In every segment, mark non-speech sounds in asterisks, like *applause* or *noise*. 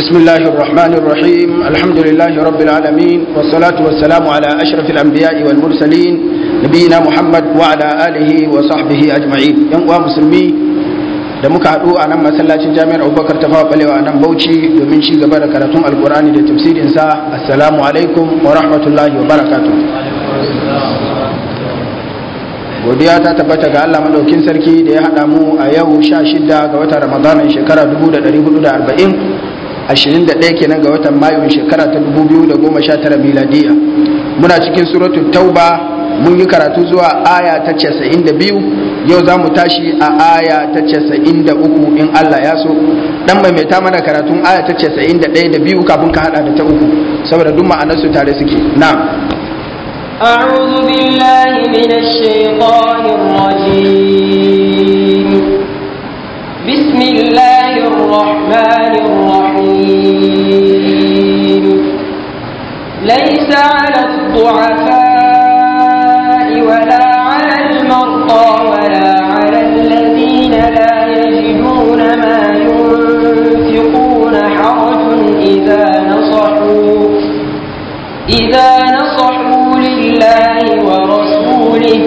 بسم الله الرحمن الرحيم الحمد لله رب العالمين والصلاة والسلام على أشرف الأنبياء والمرسلين نبينا محمد وعلى آله وصحبه أجمعين ينقوى مسلمي da muka haɗu a nan masallacin jami'ar abubakar ta fawa balewa a bauchi domin ci gaba da karatun alkurani da tafsirinsa assalamu alaikum wa rahmatullahi wa barakatu godiya ta tabbata ga allah maɗaukin sarki da ya haɗa mu a yau sha shida ga watan ramadanin shekara 1440 21 kenan ga watan mayu shekara ta 2019 miladiya muna cikin suratul tauba mun yi karatu zuwa aya ta 92 yau za mu tashi a aya ta 93 in Allah ya so dan maimaita mana karatun aya ta 91 da biyu kafin ka hada da ta uku saboda duk ma'anarsu tare suke na'am أعوذ بالله من الشيطان الرجيم بسم الله الرحمن الرحيم ليس على الضعفاء ولا على المرضى ولا على الذين لا يجدون ما ينفقون حرج إذا نصحوا إذا نصحوا لله ورسوله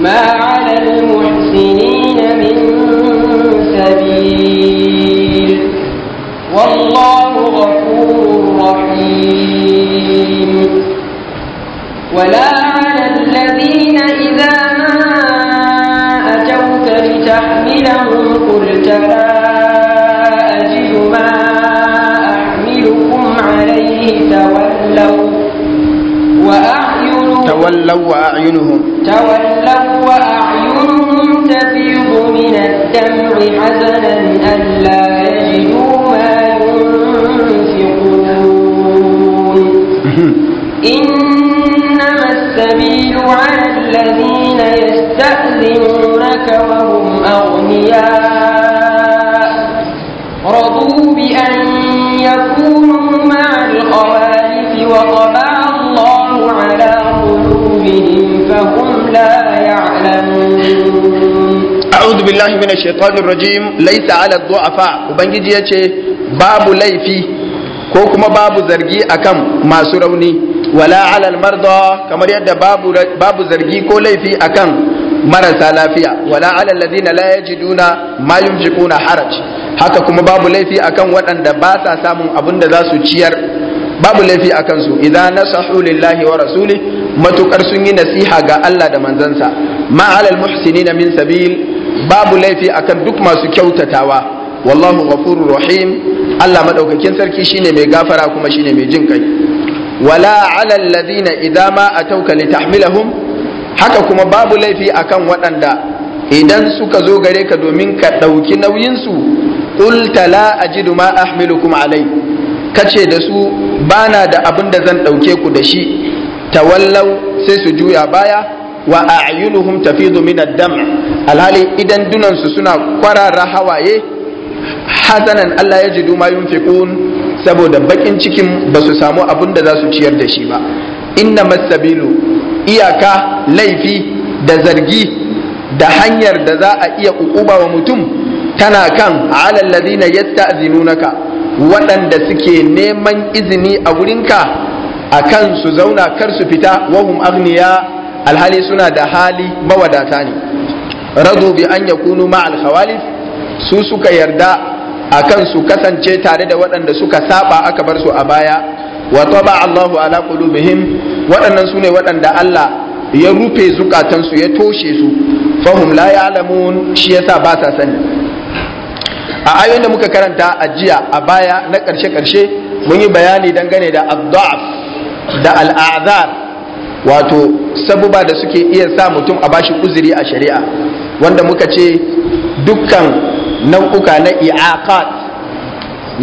ما على المحسنين من سبيل والله غفور رحيم ولا على الذين إذا ما أتوك لتحملهم قلت لا أجد ما أحملكم عليه تولوا وأعينهم تولوا وأعينهم تولوا وأعينهم من الدمع حزنا ألا يجدوا ما ينفقون إنما السبيل على الذين يستأذنونك وهم أغنياء رضوا بأن يكونوا مع الخوالف وطبعوا قلوبهم فهم لا يعلمون أعوذ بالله من الشيطان الرجيم ليس على الضعفاء وبنجي يتشي باب ليفي ko kuma babu zargi akan masu rauni wala alal kamar yadda babu zargi ko laifi akan marasa lafiya wala alal ladina la yajiduna ma yunfiquna haraj haka kuma babu laifi akan waɗanda ba sa samun abin da za su ciyar babu laifi akansu. su idan nasahu lillahi wa rasuli matukar sun yi nasiha ga Allah da manzansa ma alal na min sabil babu laifi akan duk masu kyautatawa wallahu ghafurur rahim Allah madaukakin sarki shine mai gafara kuma shine mai jin kai wala alal ladina idza ma atauka litahmilahum haka kuma babu laifi akan waɗanda idan suka zo gare ka domin ka ɗauki nauyinsu qulta la ajidu ma ahmilukum alai kace da su bana da abin da zan ɗauke ku da shi tawallau sai su juya baya wa a'yunuhum tafidu min dam alhali idan dunansu suna kwarara hawaye hazanan Allah ya jidu ma yunfiqun saboda bakin cikin ba su samu abin da za su ciyar da shi ba inna masabilu iyaka laifi da zargi da hanyar da za a iya ƙuƙuba wa mutum tana kan alal ladina yasta'zinunaka waɗanda suke neman izini a wurinka akan su zauna kar su fita wahum agniya alhali suna da hali mawadata ne radu bi an yakunu ma al su suka yarda akan su kasance tare da waɗanda suka saba aka bar su a baya wa taba Allahu ala qulubihim waɗannan sune waɗanda Allah ya rufe zukatansu ya toshe su fahum la ya'lamun shi yasa ba sa sani a ayoyin da muka karanta a jiya a baya na ƙarshe-ƙarshe mun yi bayani dangane da ad da al'azar wato sabuba da suke iya sa mutum a bashi uzuri a shari'a wanda muka ce dukkan nau'uka na i'aqat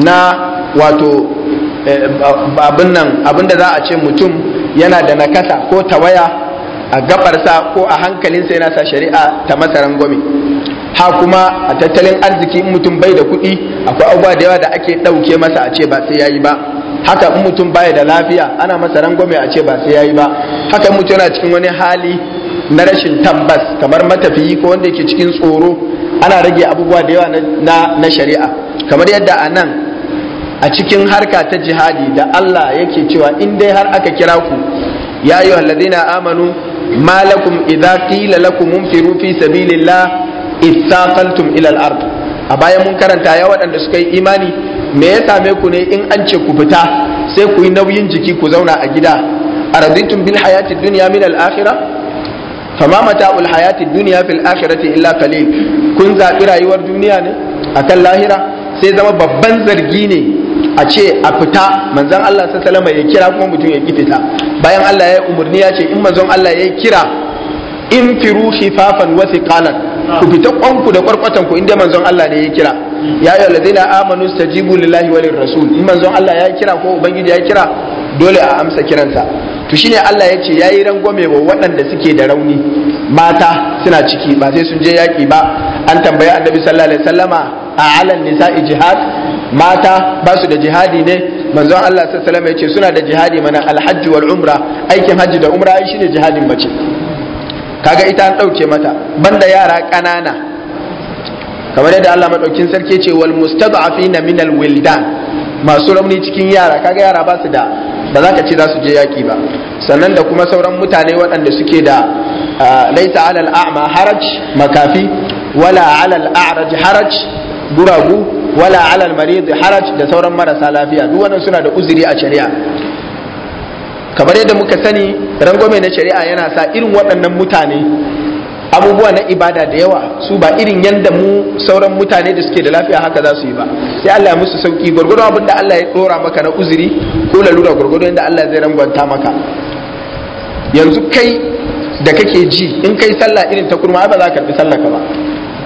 na wato eh, abin nan abin da za a ce mutum yana da nakasa ko tawaya a gabarsa ko a hankalinsa yana sa shari'a ta masaran gwami ha kuma a tattalin arziki in mutum bai da kuɗi akwai abubuwa da yawa da ake ɗauke masa a ce ba sai yayi ba haka in mutum baya da lafiya ana masa rangwame a ce ba sai yayi ba haka mutum yana cikin wani hali na rashin tambas kamar matafiyi ko wanda yake cikin tsoro ana rage abubuwa da yawa na shari'a kamar yadda anan, a cikin harka ta jihadi da Allah yake cewa in dai har aka kira ku ya yi alladhina amanu ma lakum idza qila lakum munfiru fi sabilillah ithaqaltum ila al ardh a bayan mun karanta ya waɗanda suka yi imani me ya same ku ne in an ce ku fita sai ku yi nauyin jiki ku zauna a gida A araditum bil hayati duniya min al akhirah fama ul hayati duniya fil akhirati illa qalil kun zaɓi rayuwar duniya ne akan lahira sai zama babban zargi ne a ce a fita manzon Allah sallallahu alaihi ya kira kuma mutum ya fita bayan Allah ya yi umarni ya ce in manzon Allah ya kira in firu khifafan wa thiqalan ku fita kwanku da kwarkwatan ku inda manzon Allah ne ya kira ya ayyuhal ladzina amanu stajibu lillahi walir rasul in manzon Allah ya kira ko ubangiji ya kira dole a amsa kiransa to shine Allah ya ce yayi rangwame wa waɗanda suke da rauni mata suna ciki ba sai sun je yaki ba an tambayi annabi sallallahu alaihi wasallama a alal nisa'i jihad mata ba su da jihadi ne manzon Allah sallallahu alaihi wasallama ya ce suna da jihadi mana alhajji wal umra aikin hajji da umra shine jihadin mace kaga ita an ɗauke mata banda yara ƙanana kamar yadda Allah maɗaukin sarki ce wal mustad'afina min al wildan masu rauni cikin yara kaga yara ba su da ba za ka ce za su je yaki ba sannan da kuma sauran mutane waɗanda suke da laisa alal a'ma haraj makafi wala alal a'raj haraj guragu wala alal marid haraj da sauran marasa lafiya duk wannan suna da uzuri a shari'a kamar yadda muka sani rangwame na shari'a yana sa irin waɗannan mutane abubuwa na ibada da yawa su ba irin yadda mu sauran mutane da suke da lafiya haka za su yi ba sai Allah ya musu sauki gwargwadon abin da Allah ya dora maka na uzuri ko lalura gwargwadon yadda Allah zai rangwanta maka yanzu kai da kake ji in kai sallah irin ta kurma ba za ka bi sallah ka ba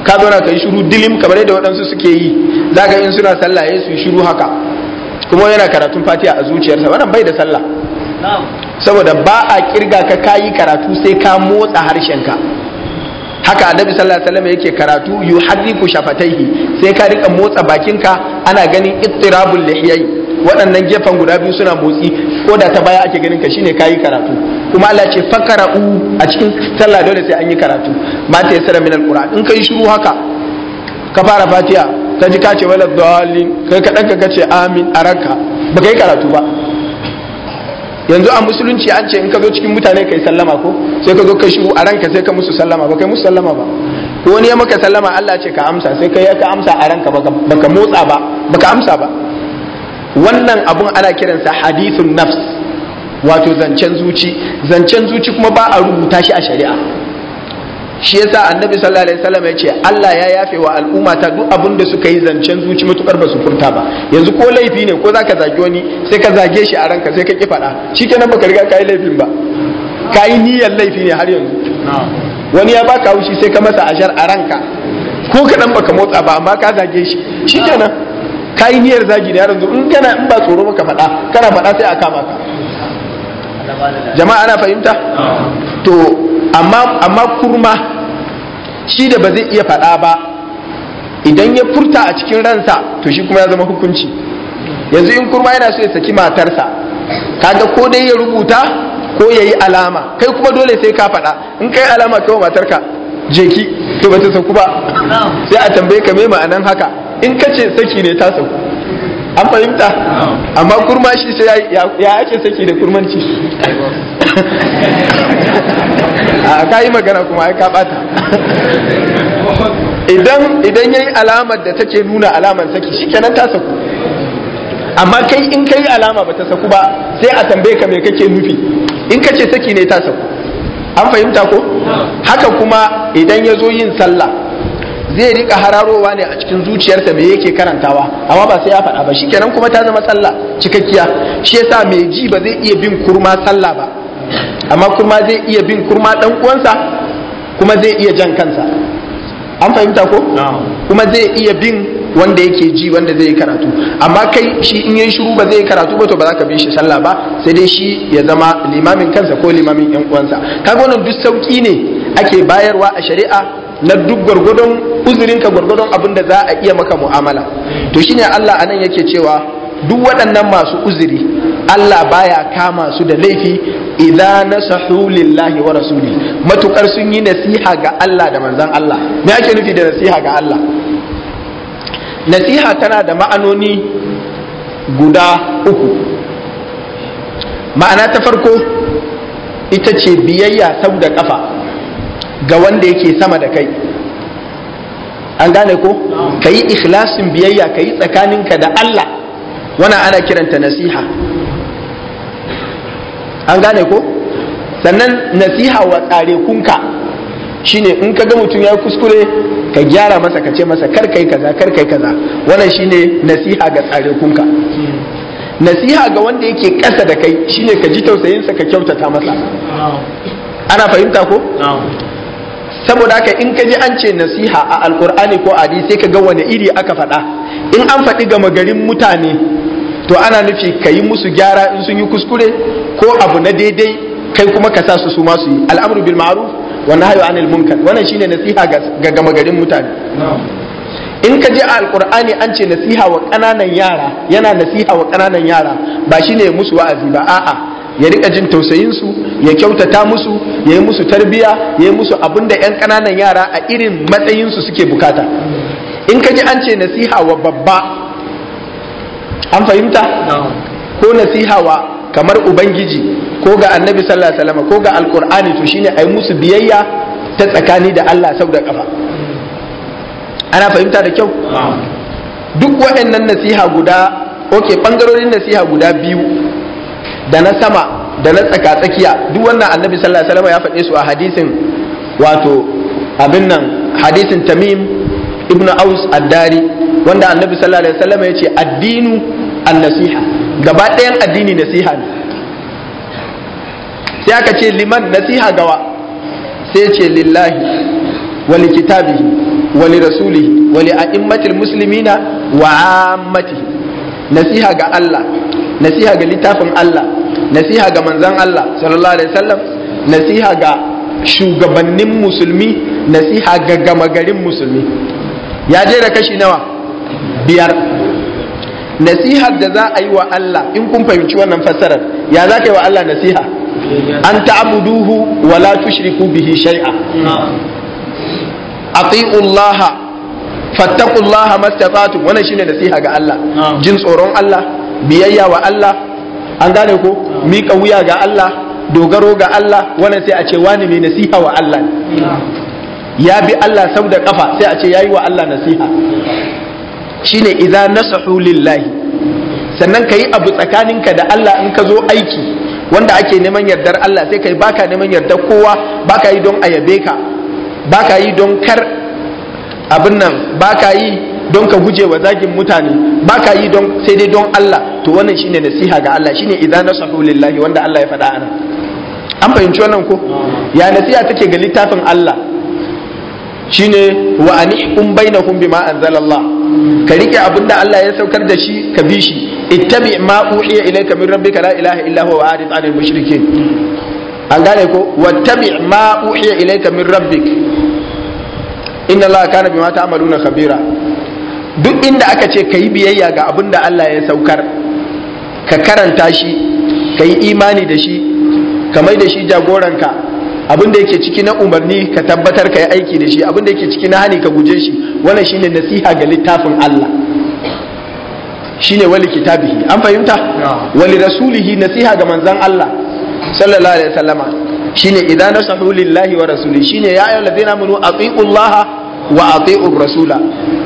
ka zauna ka yi shiru dilim kamar yadda waɗansu suke yi za ka in suna sallah ya eh, su yi shiru haka kuma yana karatun fatiha a zuciyarsa wannan bai da sallah saboda ba a kirga ka kayi karatu sai ka motsa harshenka haka annabi sallallahu alaihi wasallam yake karatu yuhadiku shafataihi sai ka rika motsa bakinka ana ganin ittirabul lihiyai waɗannan gefen guda biyu suna motsi ko da ta baya ake ganin ka shine kayi karatu kuma Allah ce fakara'u a cikin sallah dole sai an yi karatu Mata ta yasara min alquran in kai shiru haka ka fara fatiha ka ji ka ce wala dhalin kai ka danka ka ce amin a ranka ba kai karatu ba yanzu a musulunci an ce in ka zo cikin mutane kai sallama ko sai ka zo ka shigo a ranka sai ka musu sallama ba kai musu sallama ba ko wani ya maka sallama Allah ce ka amsa sai kai ka amsa a ranka baka motsa ba baka amsa ba wannan abun ana kiransa hadithun nafs wato zancen zuci zancen zuci kuma ba a rubuta shi a shari'a shi yasa annabi sallallahu alaihi wasallam ya ce Allah ya yafe wa al'umma ta duk abin da suka yi zancen zuci matukar ba su furta ba yanzu ko laifi ne ko zaka zage wani sai ka zage shi a ranka sai ka ki faɗa shikenan baka riga kai laifin ba kai niyyar laifi ne har yanzu wani ya baka haushi sai ka masa ashar a ranka ko kaɗan baka motsa ba amma ka zage shi shikenan kai niyyar zagi ne har yanzu in kana in ba tsoro baka faɗa kana faɗa sai a kama ka jama'a ana fahimta to amma kurma shi da ba zai iya faɗa ba idan ya furta a cikin ransa to shi kuma ya zama hukunci yanzu in kurma yana so ya saki matarsa kaga ko dai ya rubuta ko ya yi alama kai kuma dole sai ka faɗa in kai alama kai wa matarka jeki to ba ta saku ba sai a tambaye ka me ma'anan haka in ka ce saki ne ta saku an fahimta amma kurma shi sai ya ake saki da kurmanci *laughs* a ka yi magana kuma ya kaɓata *laughs* idan idan yayi alamar da take nuna alamar saki shikenan ta saku amma kai in kai alama ba ta saku ba sai a tambaye ka me kake nufi in kace saki ne ta saku an fahimta ko haka kuma idan ya zo yin sallah zai rika hararowa ne a cikin zuciyarsa me yake karantawa amma ba sai ya faɗa ba shikenan kuma ta zama sallah cikakkiya shi yasa mai ji ba zai iya bin kurma sallah ba amma kurma zai iya bin kurma dan uwansa kuma zai iya jan kansa an fahimta ko kuma zai iya bin wanda yake ji wanda zai karatu amma kai shi in yayi shiru ba zai karatu ba to ba za ka bi shi sallah ba sai dai shi ya zama limamin kansa ko limamin yan uwansa kaga wannan duk sauki ne ake bayarwa a shari'a na duk gwargwadon ka gwargwadon abin da za a iya maka mu'amala to shine Allah anan yake cewa duk waɗannan masu uzuri Allah baya kama su da laifi idan nasahu lillahi wa rasuli matukar sun yi nasiha ga Allah da manzon Allah me ake nufi da nasiha ga Allah nasiha tana da ma'anoni guda uku ma'ana ta farko ita ce biyayya sau da kafa ga wanda yake sama da kai an gane ko ka yi ikhlasin biyayya ka yi tsakaninka da Allah wana ana kiranta nasiha an gane ko sannan nasiha wa tsare kunka shine in ka ga mutum ya kuskure ka gyara masa ka ce masa kar kaza kar kaza wannan shine nasiha ga tsare kunka nasiha ga wanda yake ƙasa da kai shine ka ji tausayinsa ka kyautata masa ana fahimta ko saboda haka in ka ji an ce nasiha a alkur'ani ko adi sai ka ga wani iri aka faɗa in an faɗi gama garin mutane to ana nufi ka yi musu gyara in sun yi kuskure ko abu na daidai kai kuma ka sa su su masu yi al'amru bil ma'ruf wa nahyu anil munkar wannan shine nasiha ga gama garin mutane in ka ji a alkur'ani an ce nasiha wa kananan yara yana nasiha wa kananan yara ba shine musu wa'azi ba a'a ya rika jin tausayin su ya kyautata musu ya yi musu tarbiya ya yi musu abin da yan ƙananan yara a irin matsayin su suke bukata in ka ji an ce nasiha wa babba an fahimta ko nasiha wa kamar ubangiji ko ga annabi sallallahu alaihi wasallam ko ga alqur'ani to shine ai musu biyayya ta tsakani da Allah sau da kafa ana fahimta da kyau duk waɗannan nasiha guda oke bangarorin nasiha guda biyu da na sama da na tsaka tsakiya duk wannan annabi sallallahu alaihi wasallam ya faɗe su a hadisin wato abin nan hadisin tamim ibnu aus addari wanda annabi sallallahu alaihi wasallam ya ce addinu an-nasiha gaba ɗayan addini nasiha ne sai aka ce liman nasiha gawa sai ce lillahi wa li wali wa li rasulihi wa li a'immatil muslimina wa ammati nasiha ga Allah nasiha ga littafin Allah nasiha ga manzan Allah sallallahu alaihi wasallam nasiha ga shugabannin musulmi nasiha ga gama garin musulmi ya je da kashi nawa biyar nasihar da za a yi wa Allah in kun fahimci wannan fassarar ya za ka yi wa Allah nasiha an ta'buduhu wa la tushriku bihi shay'a ati'u Allah fattaqullaha mastata'tum wannan shine nasiha ga Allah jin tsoron Allah biyayya wa Allah an gane ko miƙa wuya ga Allah dogaro ga Allah wannan sai a ce wani mai nasiha wa Allah ya bi Allah sau da kafa sai a ce yayi wa Allah nasiha shine idza nasahu lillahi sannan kayi abu tsakaninka da Allah in ka zo aiki wanda ake neman yardar Allah sai kai baka neman yardar kowa baka yi don a ka baka yi don kar abin nan baka yi don ka guje wa zagin mutane ba ka yi don sai dai don Allah to wannan shine nasiha ga Allah shine idan nasahu lillahi wanda Allah ya faɗa ana an fahimci wannan ko ya nasiha take ga littafin Allah shine wa anihkum bainahum bima anzalallah ka rike abinda Allah ya saukar da shi ka bi shi ittabi ma uhiya ilayka min rabbika la ilaha illa huwa wa'rid 'anil mushrikeen an gane ko wattabi ma uhiya ilayka min rabbik inna allaha kana bima ta'maluna khabira duk inda aka ce ka yi biyayya ga abin da Allah ya saukar ka karanta shi ka yi imani da shi ka mai da shi jagoranka abin da yake ciki na umarni ka tabbatar ka yi aiki da shi abin da yake ciki na hani ka guje shi wannan shine nasiha ga littafin Allah shine wali kitabihi an fahimta wali rasulihi nasiha ga manzon Allah sallallahu alaihi wasallama shine idan nasahu lillahi wa rasuli shine ya ayyuhallazina amanu wa ati'ur rasula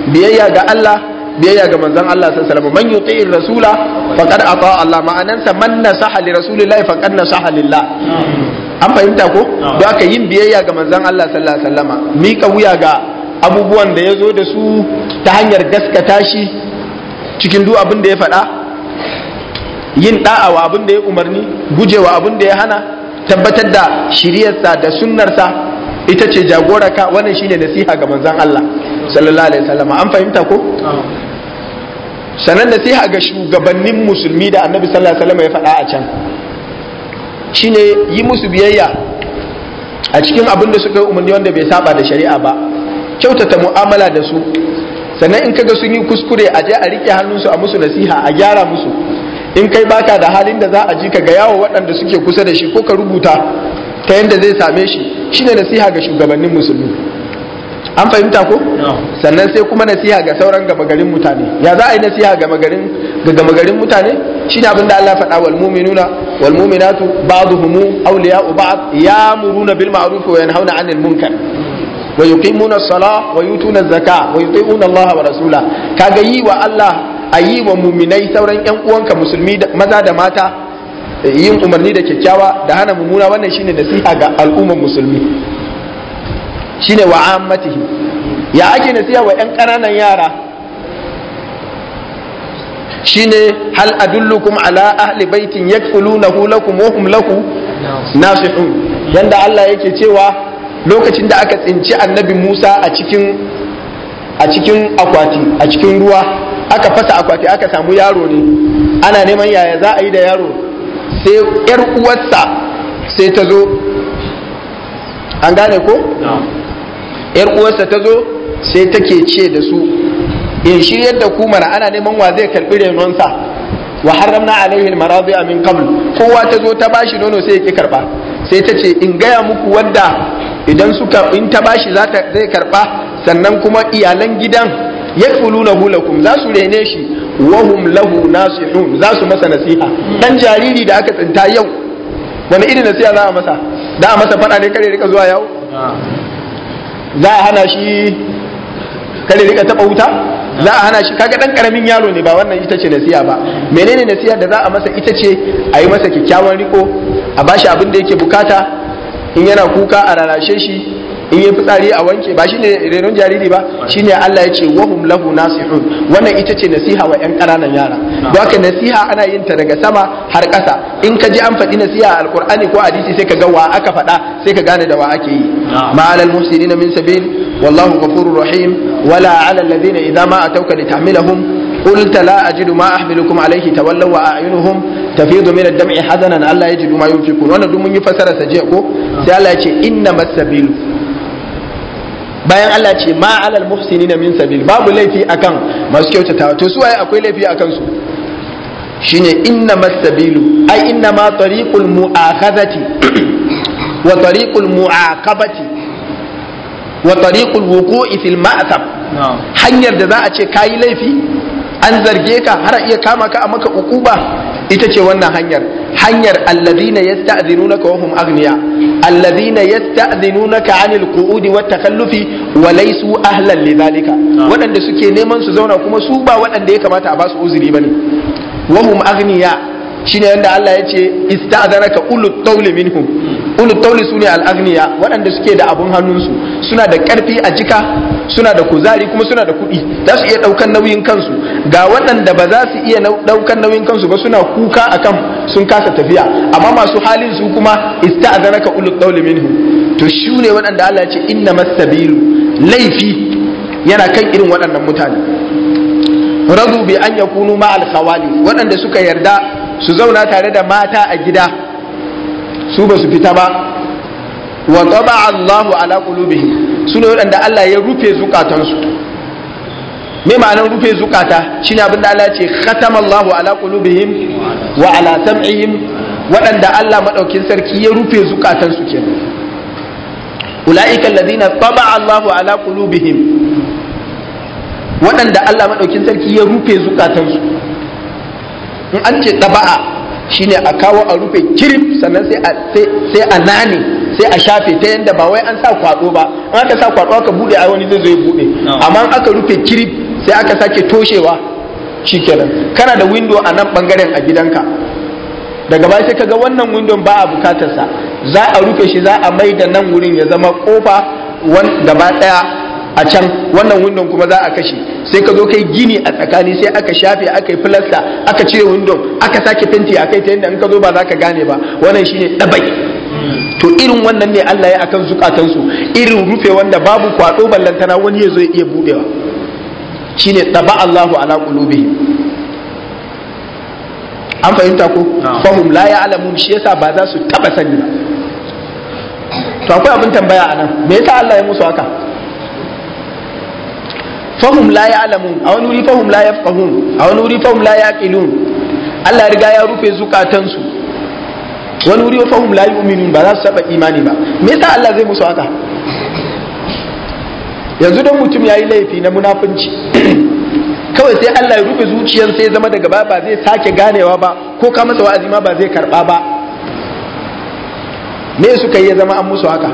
biyayya ga Allah biyayya ga manzon Allah sallallahu alaihi wasallam man yuti'ir rasula faqad ata Allah ma'anansa man nasaha li rasulillahi faqad nasaha lillah an fahimta ko da aka yin biyayya ga manzon Allah sallallahu alaihi wasallama mika wuya ga abubuwan da ya zo da su ta hanyar gaskata shi cikin duk abin da ya faɗa yin wa abin da ya umarni gujewa abin da ya hana tabbatar da shiryarsa da sunnarsa ita ce jagora ka wannan shine nasiha ga manzon Allah sallallahu alaihi wasallam an fahimta ko sanan nasiha ga shugabannin musulmi da annabi sallallahu alaihi wasallam ya faɗa a can shine yi musu biyayya a cikin abin da suka yi umarni wanda bai saba da shari'a ba kyautata mu'amala da su sannan in kaga sun yi kuskure a je a rike hannunsu a musu nasiha a gyara musu in kai baka da halin da za a ji ka ga yawo waɗanda suke kusa da shi ko ka rubuta ta yadda zai same shi shine nasiha ga shugabannin musulmi an fahimta ko sannan sai kuma nasiha ga sauran gaba garin mutane ya za a yi nasiha ga magarin gama garin mutane shine abin da Allah faɗa wal mu'minuna wal mu'minatu ba'dhuhum awliya'u ba'd ya'muruna bil ma'ruf wa yanhauna 'anil munkar wa yuqimuna as-salata wa yutuna az-zakata wa yuti'una Allah wa rasula kaga yi wa Allah a yi wa muminai sauran yan uwanka musulmi maza da mata yin umarni da kyakkyawa da hana mummuna wannan shine nasiha ga al'ummar musulmi shine wa ammatihi ya ake nasiha wa 'yan ƙananan yara shine hal adullukum ala ahli baitin yakulunahu lakum wa hum lahu nasihun yanda Allah yake cewa lokacin da aka tsinci annabi Musa a cikin a cikin akwati a cikin ruwa aka fasa akwati aka samu yaro ne ana neman yaya za a yi da yaro sai yar uwarsa sai ta zo an gane ko yar uwarsa ta zo sai take ce da su in shi yadda kumara ana neman wa zai karbi renonsa wa haramna alaihin almaradi min qabl kowa ta zo ta bashi nono sai ya karba sai ta ce in gaya muku wanda idan suka in ta bashi zai karba sannan kuma iyalan gidan ya na hulakum za su rene shi wahum lahu nasihun za su masa nasiha dan jariri da aka tsinta yau wani irin nasiha za a masa da a masa fada ne kare rika zuwa yau za a hana shi kare rika taba wuta za a hana shi kaga dan karamin yaro ne ba wannan ita ce nasiha ba menene nasiha da za a masa ita ce a yi masa kyakkyawan riko a bashi abin da yake bukata in yana kuka a rarashe shi in yi fitsari a wanke ba shi ne renon jariri ba shi ne Allah ya ce wahum lahu nasihun wannan ita ce nasiha wa yan ƙananan yara don nasiha ana yin ta daga sama har ƙasa in ka ji an faɗi nasiha a alƙur'ani ko hadisi sai ka ga wa aka faɗa sai ka gane da wa ake yi ma'alal muhsinina min sabil wallahu ghafurur rahim wala 'ala alladhina idza ma atawka litahmilahum قلت لا أجد ما أحملكم عليه تولوا وأعينهم تفيض من الدمع حزنا ألا يجدوا ما ينفقون وأنا دوم يفسر سجيكو سألا إنما السبيل bayan Allah ce ma alal na min sabil babu laifi akan masu kyautata, to su waye akwai laifi akan su shine inna masabilu ai inna ma tariqul mu'akhazati *clears throat* wa tariqul mu'aqabati wa tariqul wuqu'i fil ma'tab hanyar da za a ce kayi laifi an zarge ka har iya kama ka a maka ukuba ita ce wannan hanyar hanyar alladhina yasta'dhinunaka wa hum aghniya alladhina yasta'dhinunaka 'anil qu'udi wat takallufi wa laysu ahlan zalika waɗanda suke neman su zauna kuma su ba waɗanda ya kamata a ba su uzuri bane wa hum aghniya shine yanda Allah ya ce ista'dhanaka ulul tawli minhum ulul tauli sune al-aghniya waɗanda suke da abun hannunsu suna da karfi a jika suna da kuzari kuma suna da kuɗi za su iya ɗaukan nauyin kansu ga waɗanda ba za su iya ɗaukan nauyin kansu ba suna kuka akan sun kasa tafiya amma masu halin su kuma ista'zanaka ulul tauli minhu to shi ne waɗanda Allah ya ce inna masabilu laifi yana kan irin waɗannan mutane radu bi an yakunu ma al waɗanda suka yarda su zauna tare da mata a gida su ba su fita ba wa taba Allahu ala qulubihim sune waɗanda Allah ya rufe zukatansu me ma'anar rufe zukata shine abinda Allah ya ce khatama Allahu ala qulubihim wa ala sam'ihim waɗanda Allah madaukin sarki ya rufe zukatansu kenan ulaika alladhina taba Allahu ala qulubihim waɗanda Allah madaukin sarki ya rufe zukatansu in an ce taba'a shine a kawo a rufe kirif sannan sai a nane sai a shafe ta yadda ba wai an sa kwado ba an aka sa kwado aka bude a wani zai zo ya bude amma aka rufe kirif sai aka sake toshewa shikenan kana da window a nan bangaren a gidanka daga baya sai kaga wannan window ba a bukatarsa za a rufe shi za a mai da nan wurin ya zama kofa gaba daya a can wannan windon kuma za a kashe sai ka zo kai gini a tsakani sai aka shafe aka yi filasta aka cire windon aka sake fenti a kai ta yadda in ka zo ba za ka gane ba wannan shine dabai to irin wannan ne Allah ya akan zukatansu irin rufe wanda babu kwado ballantana wani ya zo ya iya budewa shine taba Allahu ala qulubihim an fahimta ko fahum la ya'lamun shi yasa ba za su taba sani ba to akwai abin tambaya anan me yasa Allah ya musu haka fahum la alamu a wani wuri fahum la fahum a wani wuri fahum la kilun Allah riga ya rufe zukatansu wani wuri fahum la yu'minun ba za su saba imani ba me yasa Allah zai musu haka yanzu don mutum yayi laifi na munafunci *clears throat* kawai sai Allah ya rufe zuciyarsa sai zama daga baya ba zai sake ganewa ba ko ka masa wa'azi ma ba zai karba ba me suka yi zama an musu haka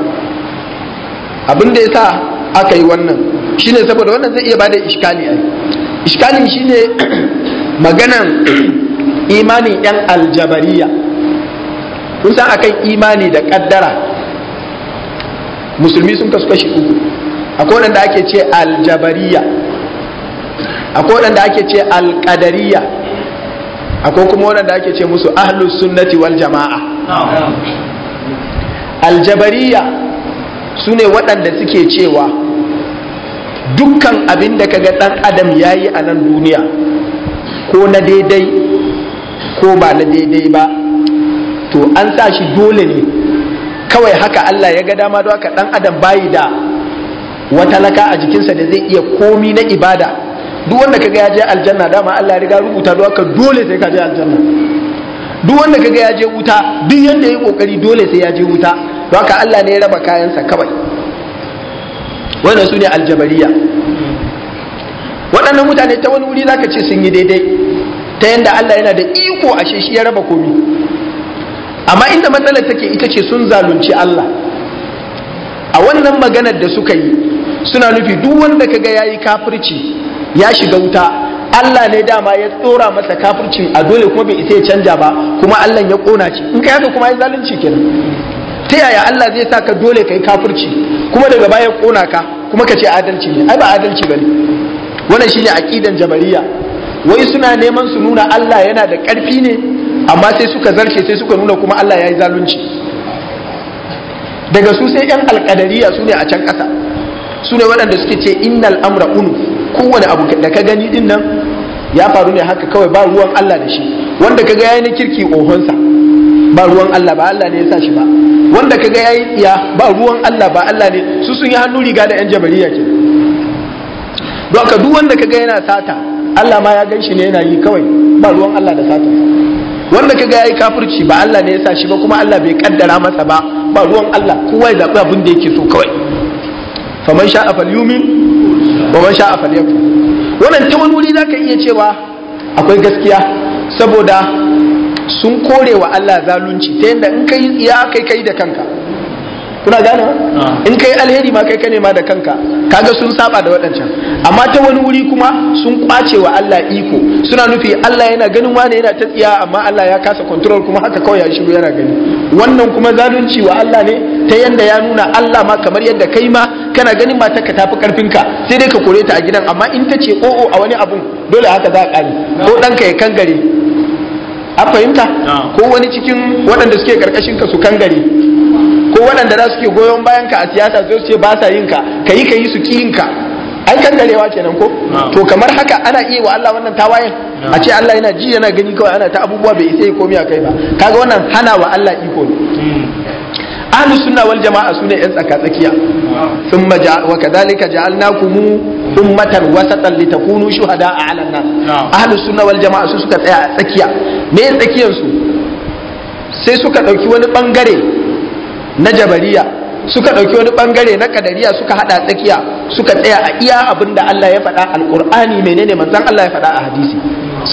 abin da yasa aka yi wannan shine saboda wannan zai iya bada iskali Iskali iskalin shine *clears throat* maganan *clears throat* imanin yan aljabariya kun san akan imani da kaddara musulmi sun kasu kashi uku akwai wadanda ake ce aljabariya akwai wadanda ake ce alkadariya akwai kuma wadanda ake ce musu ahlus sunnati wal jama'a aljabariya su ne waɗanda suke cewa dukkan abin da kaga ɗan adam ya yi a nan duniya ko na daidai ko ba na daidai ba to an sa shi dole ne kawai haka Allah ya ga dama don haka ɗan adam bayi da wata laka a jikinsa da zai iya komi na ibada duk wanda kaga ya je aljanna dama Allah ya riga rubuta don haka dole sai ka je aljanna duk wanda kaga ya je wuta duk yanda ya yi kokari dole sai ya je wuta haka Allah ne ya raba kayansa kawai wannan sune aljabariya waɗannan mutane ta wani wuri zaka ce sun yi daidai ta yanda Allah yana da iko a shi ya raba komi amma inda matsalar take ita ce sun zalunci Allah a wannan maganar da suka yi suna nufi duk wanda ka kaga yayi kafirci ya shiga wuta Allah ne dama ya tsora masa kafircin a dole kuma bai isa ya canja ba kuma Allah ya kona shi in ka haka kuma ya zalunci kenan ta yaya Allah zai sa ka dole ka yi kafirci kuma daga baya kona ka kuma ka ce adalci ne ai ba adalci bane wannan shine aqidan jabariya wai suna neman su nuna Allah yana da karfi ne amma sai suka zarce sai suka nuna kuma Allah yayi zalunci daga su sai yan alƙadariya sune a can kasa su waɗanda suke ce innal amra unu kowane abu da ka gani dinnan ya faru ne haka kawai ba ruwan Allah da shi wanda ka ga yayi na kirki ohonsa ba ruwan Allah ba Allah ne ya sa shi ba wanda ka ga yayi iya ba ruwan Allah ba Allah ne su sun yi hannu riga da yan jabariya ke don ka duk wanda ka ga yana sata Allah ma ya gan shi ne yana yi kawai ba ruwan Allah da sata wanda ka ga yayi kafirci ba Allah ne ya sa shi ba kuma Allah bai kaddara masa ba ba ruwan Allah kowa ya zabi abin da yake so kawai faman sha'a falyumin wa man sha'a falyakfur wannan ta wani wuri zaka iya cewa akwai gaskiya saboda sun kore wa Allah zalunci ta yadda in kai ya kai kai da kanka kuna gane ah. in kai alheri ma kai kane ma da kanka kaga sun saba da waɗancan amma ta wani wuri kuma sun kwace wa Allah iko suna nufi Allah yana ganin wane yana ta tsiya amma Allah ya kasa control kuma haka kawai ya shiru yana gani wannan kuma zalunci wa Allah ne ta yadda ya nuna Allah ma kamar yadda kai ma kana ganin ba ta ka tafi karfinka sai dai ka kore ta a gidan amma in ta ce o'o oh, oh, a wani abun dole haka za a kare ko ɗanka ya kangare a fahimta ko wani cikin waɗanda suke karkashin ka su kangare ko waɗanda za su ke goyon bayan ka a siyasa sai basa ce ba sa yin ka kayi kayi su ki yin ka ai kangarewa kenan ko to kamar haka ana iya wa Allah wannan tawayen a ce Allah yana ji yana gani kawai ana ta abubuwa bai isa komai a kai ba kaga wannan hana wa Allah iko ne hmm. ahlus sunna wal jama'a sune yan tsaka tsakiya thumma wa kadhalika ja'alnakum ummatan wasatan litakunu shuhada a alan nas ahlus sunna wal jama'a su suka tsaya a tsakiya me tsakiyar su sai suka dauki wani bangare na jabariya suka dauki wani bangare na kadariya suka hada tsakiya suka tsaya a iya abin da Allah ya faɗa alqur'ani menene manzon Allah ya faɗa a hadisi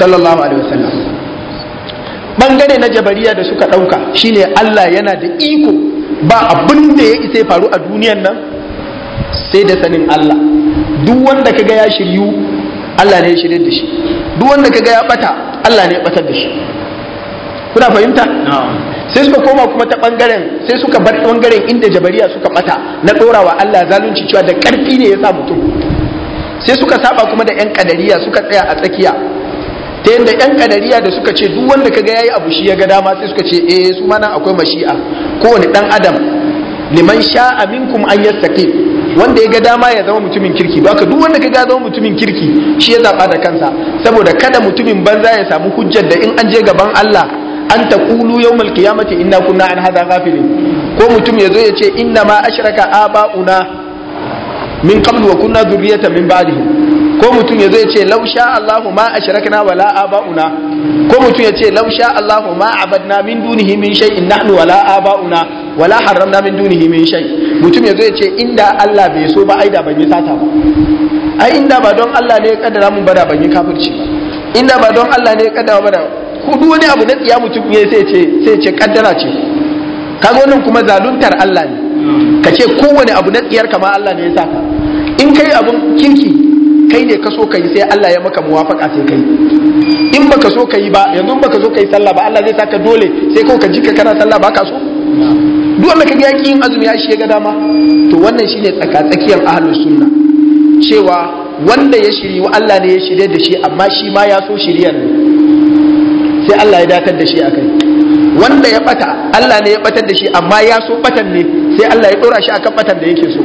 sallallahu alaihi wasallam bangare na jabariya da suka dauka shine Allah yana da iko ba abin da ya isa faru a duniyan nan sai da sanin Allah duk wanda kaga ya shiryu Allah ne ya shirye da shi duk wanda kaga ya bata Allah ne ya batar da shi kuna fahimta sai suka koma kuma ta bangaren sai suka bar bangaren inda jabariya suka bata na dorawa Allah zalunci cewa da karfi ne ya sa mutum sai suka saba kuma da yan kadariya suka tsaya a tsakiya ta yadda yan kadariya da suka ce duk wanda kaga yayi abu shi ya ga dama sai suka ce eh su ma nan akwai mashi'a kowane dan adam liman sha'a minkum an yastaqim wanda ya ga dama ya zama mutumin kirki don haka duk wanda ka ga zama mutumin kirki shi ya zaba da kansa saboda kada mutumin banza ya samu hujjar da in an je gaban Allah an yau mulki ya mace inna kunna an haza gafili ko mutum ya zo ya ce inna ma a bauna min qablu wa kunna zuriyata min ba'dihi ko mutum ya zo ya ce lausha Allahu ma a na wala abauna ko mutum ya ce lausha Allahu ma abadna min dunihi min in nahnu wala abauna wala haramna min dunihi min shay mutum ya zo ya ce inda Allah bai so ba ai da ban yi sata ba ai inda ba don Allah ne ya kaddara mun bada ban yi kafirci ba inda ba don Allah ne ya kaddara bada ko duk wani abu na tsiya mutum ne sai ce sai ce kaddara ce kaga wannan kuma zaluntar Allah ne kace kowane abu na tsiyar kama Allah ne ya saka in kai abun kirki kai ne ka so ka yi sai Allah ya maka muwafaka sai kai in baka so ka yi ba yanzu baka so ka yi sallah ba Allah zai saka dole sai ko ka jika kana sallah ba ka so duk wanda kaga yaki yin azumi ya shi ga dama to wannan shine tsakatsakiyar ahlus sunna cewa wanda ya shiri wa Allah ne ya shirye da shi amma shi ma ya so shiryan ne sai Allah ya dakar da shi akai wanda ya bata Allah ne ya batar da shi amma ya so batan ne sai Allah ya dora shi akan batan da yake so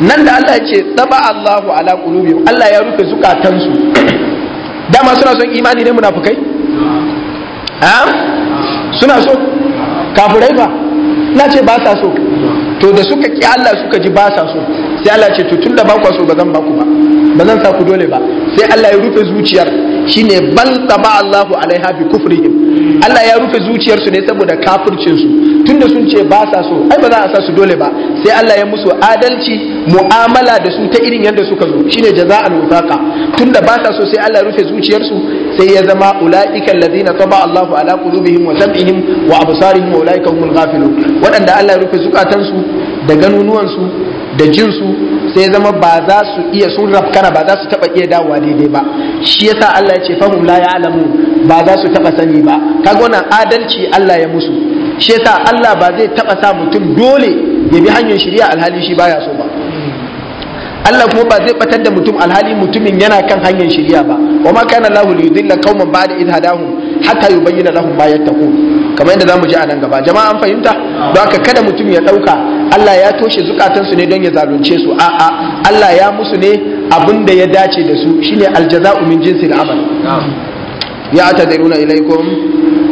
nan da Allah ya ce taba Allahu ala qulubi Allah ya rufe zukatansu dama suna son imani ne munafukai ha suna so kafirai ba na ce ba sa so to da suka ki Allah suka ji ba sa so sai Allah ce to tunda ba ku so ba zan ba ku ba ba zan sa ku dole ba sai Allah ya rufe zuciyar shine bal taba Allahu alaiha bi kufrihim Allah ya rufe zuciyarsu ne saboda kafircinsu tunda sun ce ba sa so ai ba za a sa su dole ba sai Allah ya musu adalci mu'amala da su ta irin yadda suka zo shine jaza'al wafaqa tunda ba sa so sai Allah ya rufe zuciyarsu sai ya zama ulaika alladhina taba Allahu ala qulubihim wa sam'ihim wa absarihim wa ulaika humul ghafilun waɗanda Allah ya rufe zukatansu da ganunuwansu da jinsu sai zama ba za su iya sun rafkana ba za su taba iya dawowa daidai ba shi yasa Allah ya ce fahum la ya'lamu ba za su taba sani ba kaga wannan adalci Allah ya musu shi yasa Allah ba zai taba sa mutum dole ya bi hanyar shari'a alhali shi baya so ba Allah kuma ba zai batar da mutum alhali mutumin yana kan hanyar shari'a ba wa ma kana lahu liyudilla qauman ba'da idh hadahum hatta yubayyana lahum ma yattaqun kamar yadda zamu ji a nan gaba jama'a an fahimta don haka kada mutum ya dauka Allah ya toshe zukatansu ne don ya zalunce su a'a Allah ya musu ne abin da ya dace da su shine aljaza'u min jinsil amal يعتذرون إليكم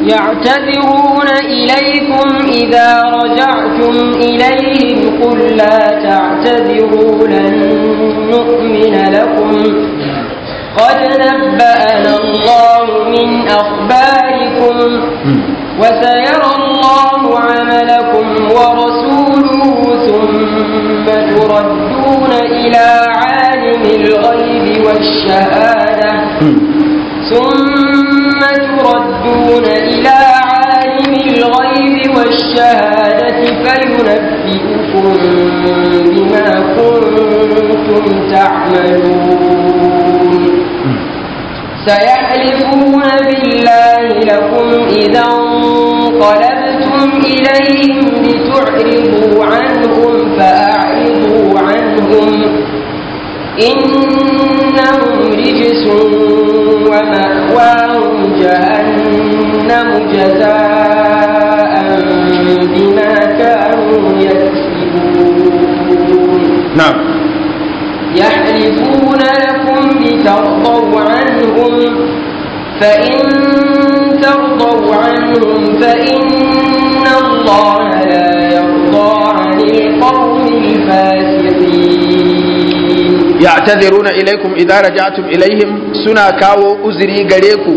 يعتذرون إليكم إذا رجعتم إليهم قل لا تعتذروا لن نؤمن لكم قد نبأنا الله من أخباركم وسيرى الله عملكم ورسوله ثم تردون إلى عالم الغيب والشهادة ثم تردون إلى عالم الغيب والشهادة فينبئكم بما كنتم تعملون سيحلفون بالله لكم إذا انقلبتم إليهم لتعرضوا عنهم فأعرضوا عنهم إنهم رجس ومأواهم جهنم جزاء بما كانوا يكسبون نعم يحلفون لكم لترضوا عنهم فإن ترضوا عنهم فإن الله لا يرضى عن القوم الفاسقين يعتذرون إليكم إذا رجعتم إليهم سنا كاو أزري غريكو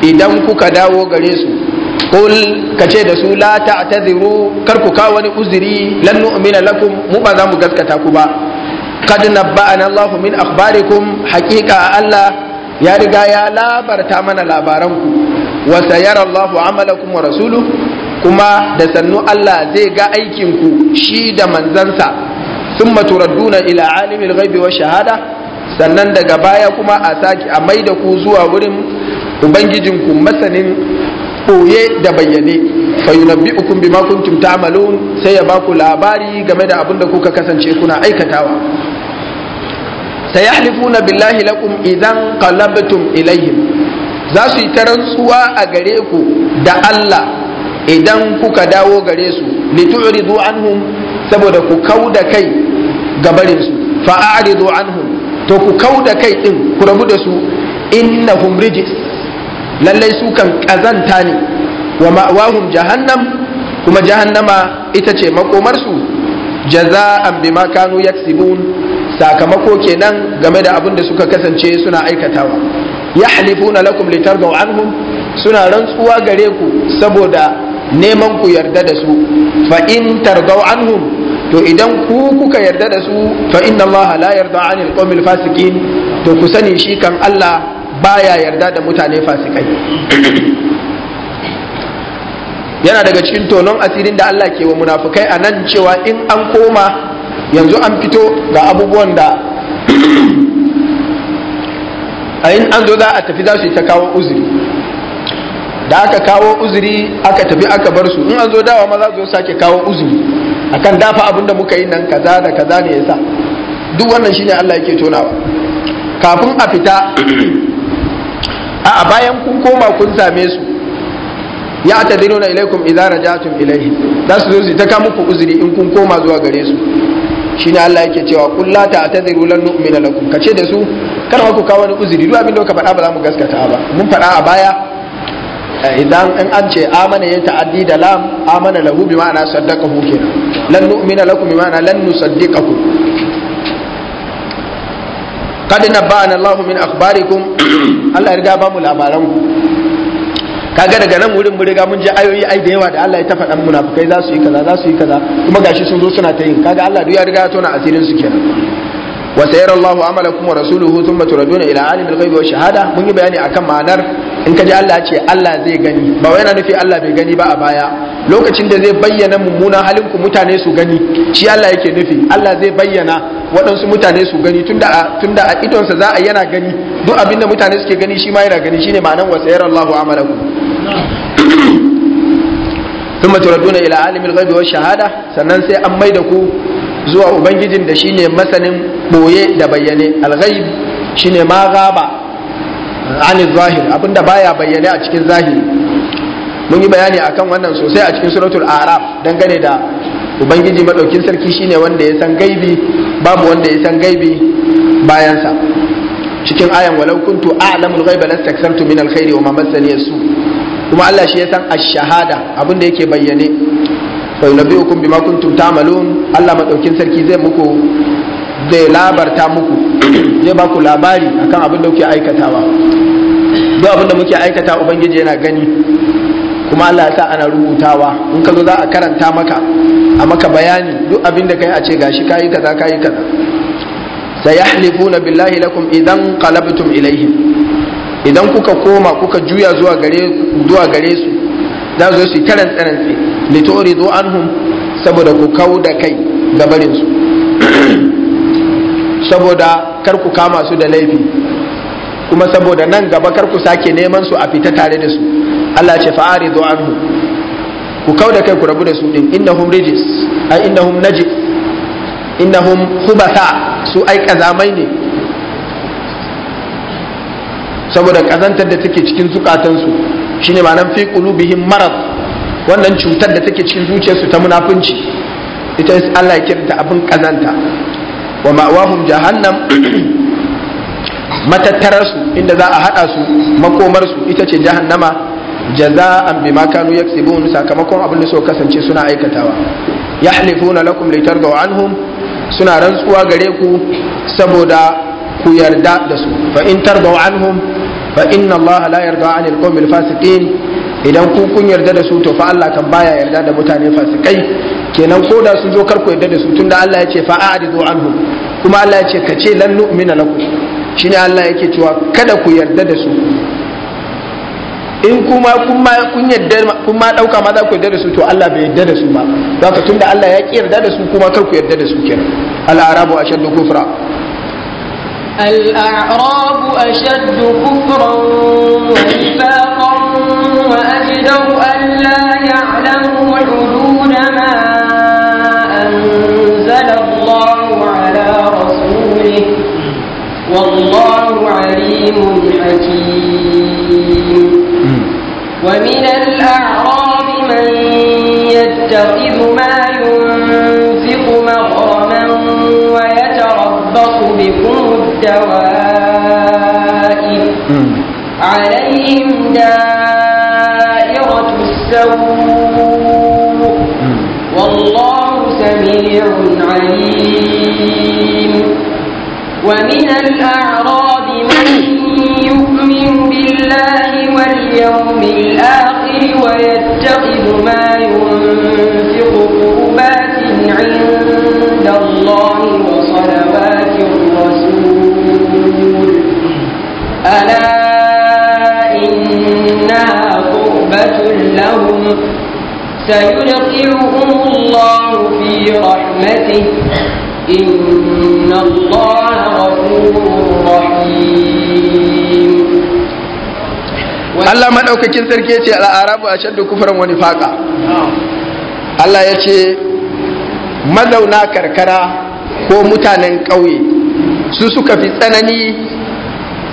idan kuka dawo gare su kul ka ce da su la ta'tadiru kar ku kawo wani uzuri lan nu'mina lakum mu ba za mu gaskata ku ba qad nabba'ana Allahu min akhbarikum haqiqa Allah ya riga ya labarta mana labaranku wasa sayara Allahu amalakum wa rasuluhu kuma da sannu Allah zai ga aikinku shi da manzansa sun maturadduna ila alimin ghaibi wa shahada sannan daga baya kuma a sake a mai da ku zuwa wurin ubangijinku masanin ɓoye da bayyane bi yunabbi'ukum bima kuntum ta'malun sai ya baku labari game da abinda da kuka kasance kuna aikatawa sayahlifuna billahi lakum idan qalabtum ilaihim za su yi ta rantsuwa a gare ku da Allah idan kuka dawo gare su tu'ridu anhum saboda ku kauda kai gabarin su a'ridu anhum to ku kauda kai din ku rabu da su innahum rijis lallai su kan kazanta ne wa ma'wahum jahannam kuma jahannama ita ce makomar su jaza'an bima kanu yaksibun sakamako kenan game da abin da suka kasance suna aikatawa Ya halifu na lakum litardaw anhum suna rantsuwa gare ku saboda neman ku yarda da su fa'in targa'u anhum to idan ku kuka yarda da su fa’in inna Allah la yarda anil qawmil fasikin to ku sani shi kan Allah baya yarda da mutane fasikai yana daga cikin tonon asirin da Allah ke wa munafukai a nan cewa in an koma yanzu an fito ga abubuwan da a yin an zo za a tafi za su ta kawo uzuri da aka kawo uzuri aka tafi aka bar su in an zo dawa ma za su sake kawo uzuri akan dafa abin da muka yi nan kaza da kaza ne yasa duk wannan shine Allah yake tonawa kafin a fita a bayan kun koma kun same su ya ta dinuna ilaikum idza rajatum ilaihi za su zo su ta muku uzuri in kun koma zuwa gare su ne Allah yake cewa qul ta ta'tadiru lan nu'mina lakum kace da su kar ku kawo wani uzuri duk abin da ka faɗa ba za mu gaskata ba mun faɗa a baya eh, idan in an ce amana ya ta'addi da lam amana lahu bi ma'ana hu kenan lan nu'mina lakum bi ma'ana lan nusaddiqakum qad nabba'ana Allah min akhbarikum *clears throat* Allah ya riga ba mu labaran ku kaga daga nan wurin mu riga mun je ayoyi ai da yawa da Allah ya ta faɗan munafukai za su yi kaza za su yi kaza kuma gashi sun zo suna ta yin kaga Allah duk ya riga ya tona asirin su kenan wa sayyara Allahu amalakum wa rasuluhu thumma turaduna ila alimil ghaibi wa shahada mun yi bayani akan ma'anar in ka ji Allah ce Allah zai gani ba wai yana nufi Allah bai gani ba a baya lokacin da zai bayyana mummunan halin ku mutane su gani shi Allah yake nufi Allah zai bayyana waɗansu mutane su gani tunda tunda a idonsa za a yana gani duk abin da mutane suke gani shi ma yana gani shine ma'anar wasayar Allahu amalakum ثم تردون إلى عالم الغيب shahada sannan sai an maida ku zuwa ubangijin da shine masanin boye da bayyane alghaib shine ma gaba ani zahir abinda baya bayyane a cikin zahiri mun yi bayani akan wannan sosai a cikin suratul araf dangane da ubangiji madaukin sarki shine wanda ya san gaibi babu wanda ya san gaibi bayansa cikin ayan walau kuntu al ghaiba lastakthartu min al-khairi wa ma massani yasu kuma Allah shi ya san ash-shahada abin yake bayyane fa yunabbi'ukum bima kuntum ta'malun Allah madaukin sarki zai muku zai labarta muku zai ba ku labari akan abin da kuke aikatawa duk abin da muke aikata ubangiji yana gani kuma Allah ya sa ana rubutawa in ka zo za a karanta maka a maka bayani duk abin da kai a ce gashi kayi kaza kayi kaza sayahlifuna billahi lakum idan qalabtum ilaihim idan kuka koma kuka juya zuwa gare zuwa gare su za zo su taran tsaranci lituridu anhum saboda ku kauda kai gabarin su saboda kar ku kama su da laifi kuma saboda nan gaba kar ku sake neman su a fita tare da su Allah ce fa'aridu anhu ku kau da kai ku rabu da su din innahum rijis ai innahum najis innahum khubatha su ai kazamai ne saboda kazantar da take cikin zukatansu shine ma'anar fi qulubihim marad wannan cutar da take cikin zuciyarsu ta munafunci ita Allah ya kirta abin kazanta wa ma'awahum jahannam matattararsu inda za a haɗa su makomarsu ita ce jahannama jaza'an bima kanu yaksibun sakamakon abin da suka kasance suna aikatawa yahlifuna lakum litardaw anhum suna rantsuwa gare ku saboda ku yarda da su fa in tardaw anhum fa inna Allah la yarda 'anil qawmil fasiqin idan ku kun yarda da su to fa Allah kan baya yarda da mutane fasikai kenan ko da sun zo karko yadda da su tunda Allah ya ce fa a'ridu anhum kuma Allah ya ce ka ce lan nu'mina lakum shine Allah yake cewa kada ku yarda da su in kuma kun yarda kun ma dauka ma za ku yarda da su to Allah bai yarda da su ba tun tunda Allah ya ki yarda da su kuma kar ku yarda da su kenan al-arabu ashaddu kufra الأعراب أشد كفرا ونفاقا وأجدر أن لا يعلموا ومن الأعراب من يتخذ ما ينفق مغرما ويتربص بكم الدوائر عليهم دائرة السوء والله سميع عليم ومن الأعراب واليوم الآخر ويتخذ ما ينفق قربات عند الله وصلوات الرسول ألا إنها قربة لهم سيدخلهم الله في رحمته إن الله غفور رحيم Allah maɗaukakin sarki yace al’arabu a ashaddu kufran wani faƙa. Allah ya ce mazauna karkara ko mutanen ƙauye su suka fi tsanani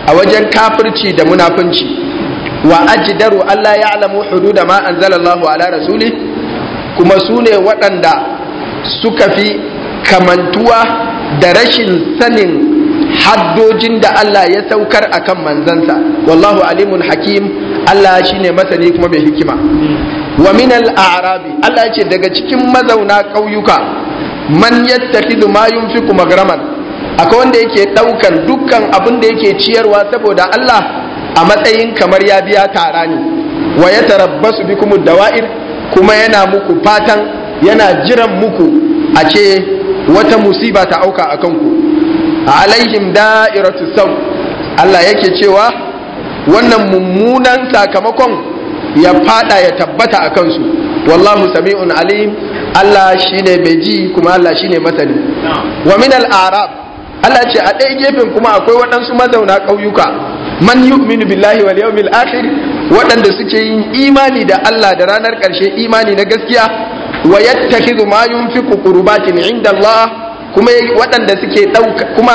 a wajen kafirci da munafunci wa daru Allah ya alamu ya'lamu hududa ma anzalallahu ala rasuli kuma su ne waɗanda suka fi kamantuwa da rashin sanin haddojin da Allah ya saukar a kan manzansa wallahu alimun hakim Allah shi ne masani kuma mai hikima wa min al'arabi Allah ce daga cikin mazauna ƙauyuka man yattakhidhu ma yunfiqu magraman akwai wanda yake ɗaukar dukkan abin da yake ciyarwa saboda Allah a matsayin kamar ya biya tara ne wa ya bi kuma dawa'ir kuma yana muku fatan yana jiran muku a ce wata musiba ta auka a kanku. alaihim da'iratu sau Allah yake cewa wannan mummunan sakamakon ya fada ya tabbata a kansu wallahu sami'un alim Allah shine mai ji kuma Allah shine masani wa min al-arab Allah ce a ɗaya gefen kuma akwai waɗansu mazauna ƙauyuka man yu'minu billahi wal yawmil akhir waɗanda suke yin imani da Allah da ranar ƙarshe imani na gaskiya wa yattakhidhu ma yunfiqu qurbatin inda Allah kuma waɗanda suke ɗauka kuma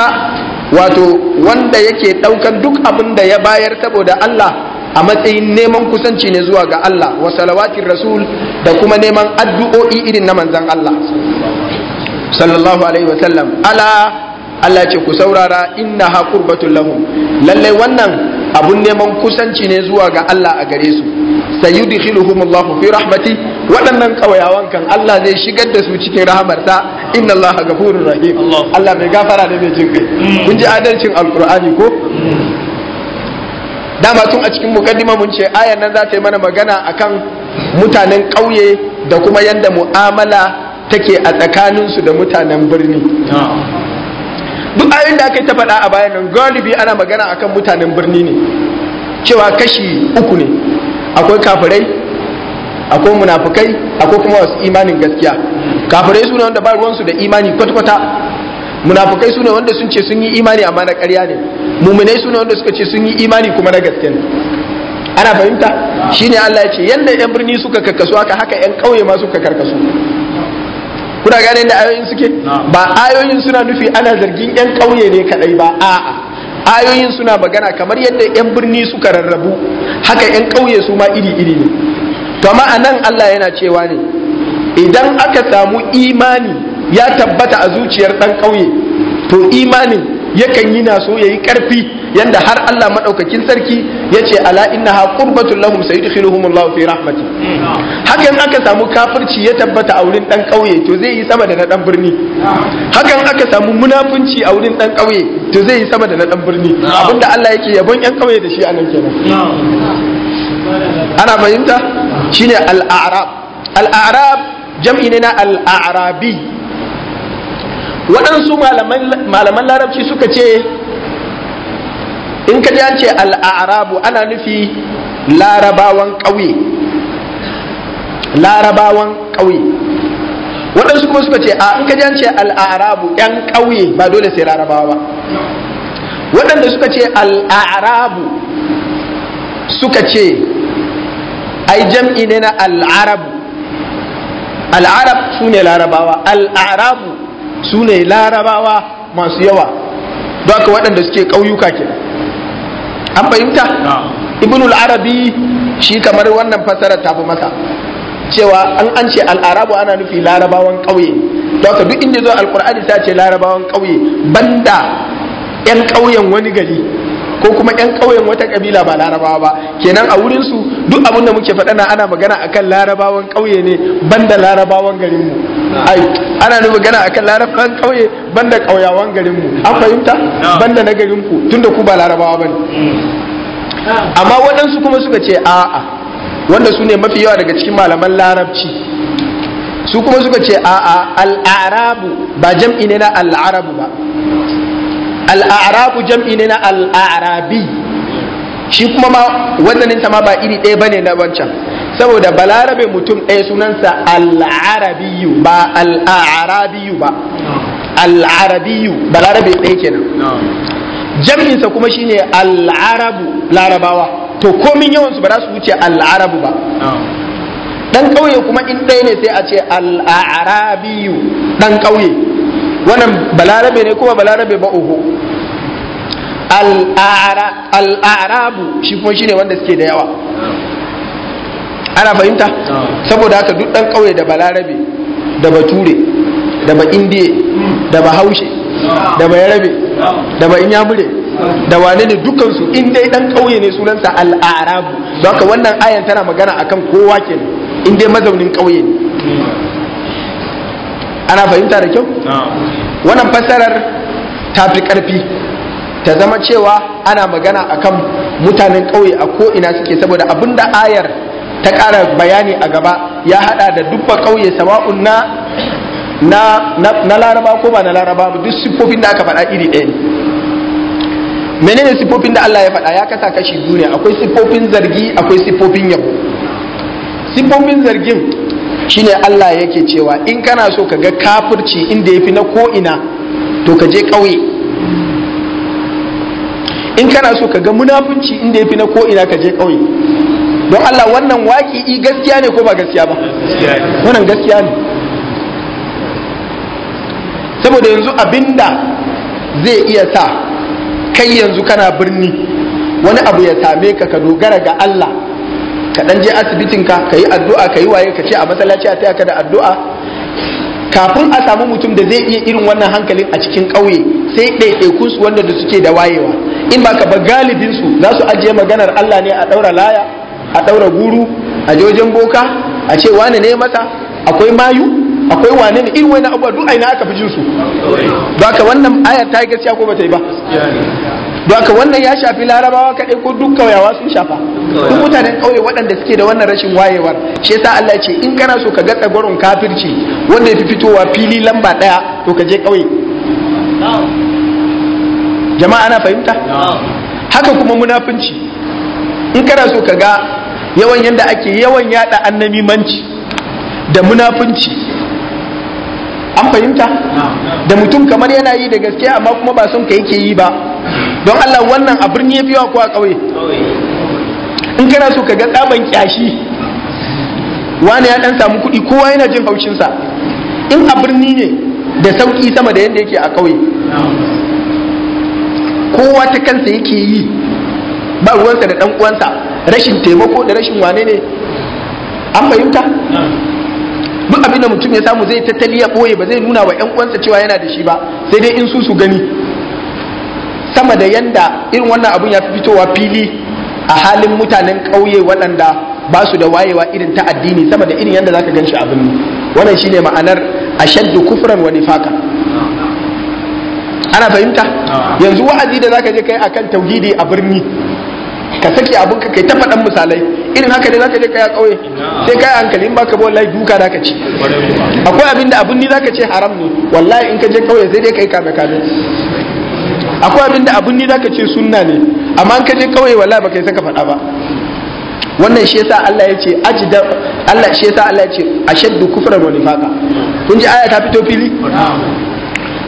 wato wanda yake ɗaukan duk abin da ya bayar saboda Allah a matsayin neman kusanci ne zuwa ga Allah wa salawatin rasul da kuma neman addu'o'i irin na manzan Allah sallallahu alaihi wa sallam ala Allah ce ku saurara inna ha qurbatul lahum lalle wannan abun neman kusanci ne zuwa ga Allah a gare su sayudkhiluhum Allah fi rahmati waɗannan kawayawan kan Allah zai shigar da su cikin rahamarsa inna Allah ghafurur rahim Allah mai gafara ne mai jin kai kun ji adalcin alqur'ani ko dama tun a cikin mukaddima mun ce ayan nan za ta yi mana magana akan mutanen ƙauye da kuma yadda mu'amala take a tsakaninsu da mutanen birni duk ayin da aka yi ta faɗa a bayan nan galibi ana magana akan mutanen birni ne cewa kashi uku ne akwai kafirai akwai munafukai akwai kuma wasu imanin gaskiya kafirai su ne wanda ba ruwansu da imani kwata-kwata munafukai su ne wanda sun ce sun yi imani amma na karya ne muminai su ne wanda suka ce sun yi imani kuma na gaske ne ana fahimta Shi ne Allah ya ce yanda yan birni suka karkasu haka haka yan ƙauye ma suka karkasu kuna gane da ayoyin suke ba ayoyin suna nufi ana zargin yan ƙauye ne kadai ba a'a ayoyin suna magana kamar yadda yan birni suka rarrabu haka yan ƙauye su ma iri iri ne to amma anan Allah yana cewa ne idan aka samu imani ya tabbata a zuciyar dan ƙauye to imanin yakan yi naso yi ƙarfi yadda har Allah maɗaukakin sarki ya ce ala innaha qurbatul lahum sayudkhiluhumullahu fi rahmati hakan aka samu kafirci ya tabbata a wurin ɗan ƙauye to zai yi sama da na ɗan birni hakan aka samu munafunci a wurin ɗan ƙauye to zai yi sama da na ɗan birni abinda Allah yake yabon ƴan ƙauye da shi a nan kenan ana fahimta shine al-a'rab al-a'rab jam'i ne na al-a'rabi waɗansu malaman larabci suka ce in ka an ce al'arabu ana nufi larabawan ƙauye larabawan ƙauye waɗansu kuma suka ce a in ka an ce al'arabu ‘yan ƙauye ba dole sai larabawa ba waɗanda suka ce al'arabu suka ce ai jam'i ne na al'arabu al'arab su ne larabawa al'arabu su ne larabawa masu yawa don waɗanda suke ƙauyuka ke an fahimta ibnul arabi shi kamar wannan fasarar ta fi masa cewa an an ce al'arabu ana nufi larabawan ƙauye don ka duk inda zo alƙur'ani ta ce larabawan ƙauye banda 'yan ƙauyen wani gari ko kuma yan ƙauyen wata kabila ba larabawa ba kenan a wurin su duk abin da muke faɗa na ana magana akan larabawan ƙauye ne banda larabawan garin mu ai ana nufin magana akan larabawan ƙauye banda ƙauyawan garin mu an fahimta banda na garin ku tunda ku ba larabawa bane amma waɗansu kuma suka ce a'a wanda su ne mafi yawa daga cikin malaman larabci su kuma suka ce a'a al'arabu ba jam'i ne na al'arabu ba al'arabu jam'i ne na al'arabi shi kuma ma wannan ta ma ba iri ɗaya ba ne na wancan saboda balarabe mutum ɗaya sunansa al'arabiyu ba al'arabiyu ba al'arabiyu balarabe ɗaya kenan jam'insa kuma shi ne al'arabu larabawa to komin yawansu ba za su wuce al'arabu ba Ɗan ƙauye kuma in ɗaya ne sai a ce al'arabiyu ɗan ƙauye wannan balarabe ne kuma balarabe ba uku al'arabu shi kuma shine wanda suke da yawa ana fahimta saboda haka duk ɗan ƙauye da balarabe da bature da ba indiye da ba haushe da ba yarabe da ba inyamure da wane ne dukansu in dai ɗan ƙauye ne sunansa al'arabu don haka wannan ayan tana magana akan kowa ke in dai mazaunin ƙauye ne ana fahimta da kyau wannan fassarar ta fi ƙarfi ta zama cewa ana magana akan mutanen ƙauye a ko'ina suke saboda abinda ayar ta ƙara bayani a gaba ya hada da dubba ƙauye sama'un na na laraba ko ba na laraba ba duk siffofin da aka faɗa iri ɗaya ne menene siffofin da Allah ya faɗa ya kasa kashi duniya akwai siffofin zargi akwai siffofin yabo siffofin zargin shine Allah yake cewa in kana so ka ga kafirci inda fi na ko'ina to ka je ƙauye in kana so ka ga munafunci inda fi na ko'ina ka je ƙauye don Allah wannan waƙi'i gaskiya ne ko ba gaskiya ba wannan gaskiya ne saboda yanzu abinda zai iya sa kai yanzu kana birni wani abu ya same ka ka dogara ga Allah ka dan je asibitin ka yi addu'a ka yi waye ka ce a masallaci a taya ka da addu'a kafin a samu mutum da zai iya irin wannan hankalin a cikin ƙauye sai ɗaiɗaikun su wanda da suke da wayewa in ba ka ba galibin su za su ajiye maganar Allah ne a ɗaura laya a ɗaura guru a jojen boka a ce wane ne masa akwai mayu akwai wane ne irin wani abuwa duk aina aka fi jinsu Ba ka wannan ayar ta yi gaskiya ko ba ta yi ba Ba ka wannan ya shafi larabawa kaɗai ko duk kauyawa sun shafa duk mutanen ƙauye waɗanda suke da wannan rashin wayewar shi yasa Allah ce in kana so ka ga tsagwaron kafirci wanda ya fi fitowa fili lamba ɗaya to ka je ƙauye jama'a ana fahimta haka kuma munafunci in kana so ka ga yawan yanda ake yawan yada manci da munafunci fahimta da mutum kamar yana yi da gaske amma kuma ba son ka yake yi ba don Allah wannan a birni yafi yawa ko a ƙauye in kana so ka ga tsaban kyashi wani ya dan samu kuɗi kowa yana jin haushin sa in a birni ne da sauki sama da yadda yake a ƙauye kowa ta kansa yake yi ba ruwansa da dan uwansa rashin taimako da rashin wane ne an fahimta duk abin mutum ya samu zai tattali ya ɓoye ba zai nuna wa 'yan uwansa cewa yana da shi ba sai dai in su su gani sama da yanda irin wannan abun ya fi fitowa fili a halin mutanen ƙauye waɗanda ba su da wayewa irin ta addini sama da irin yanda zaka gan shi abin wannan shine ma'anar ashaddu kufran wa nifaka ana fahimta yanzu wa'azi da zaka je kai akan tauhidi a birni ka sake abun ka kai ta faɗan misalai irin haka ne zaka je kai a kauye sai kai hankali in baka bi wallahi duka zaka ci akwai abin da abin ni zaka ce haram ne wallahi in ka je kauye sai dai kai kame kame akwai abin da abin ni zaka ce sunna ne amma in ka je kauye wallahi baka yi saka faɗa ba wannan shi yasa Allah ya ce ajda Allah shi yasa Allah ya ce ashaddu kufra wa nifaqa kun ji aya ta fito fili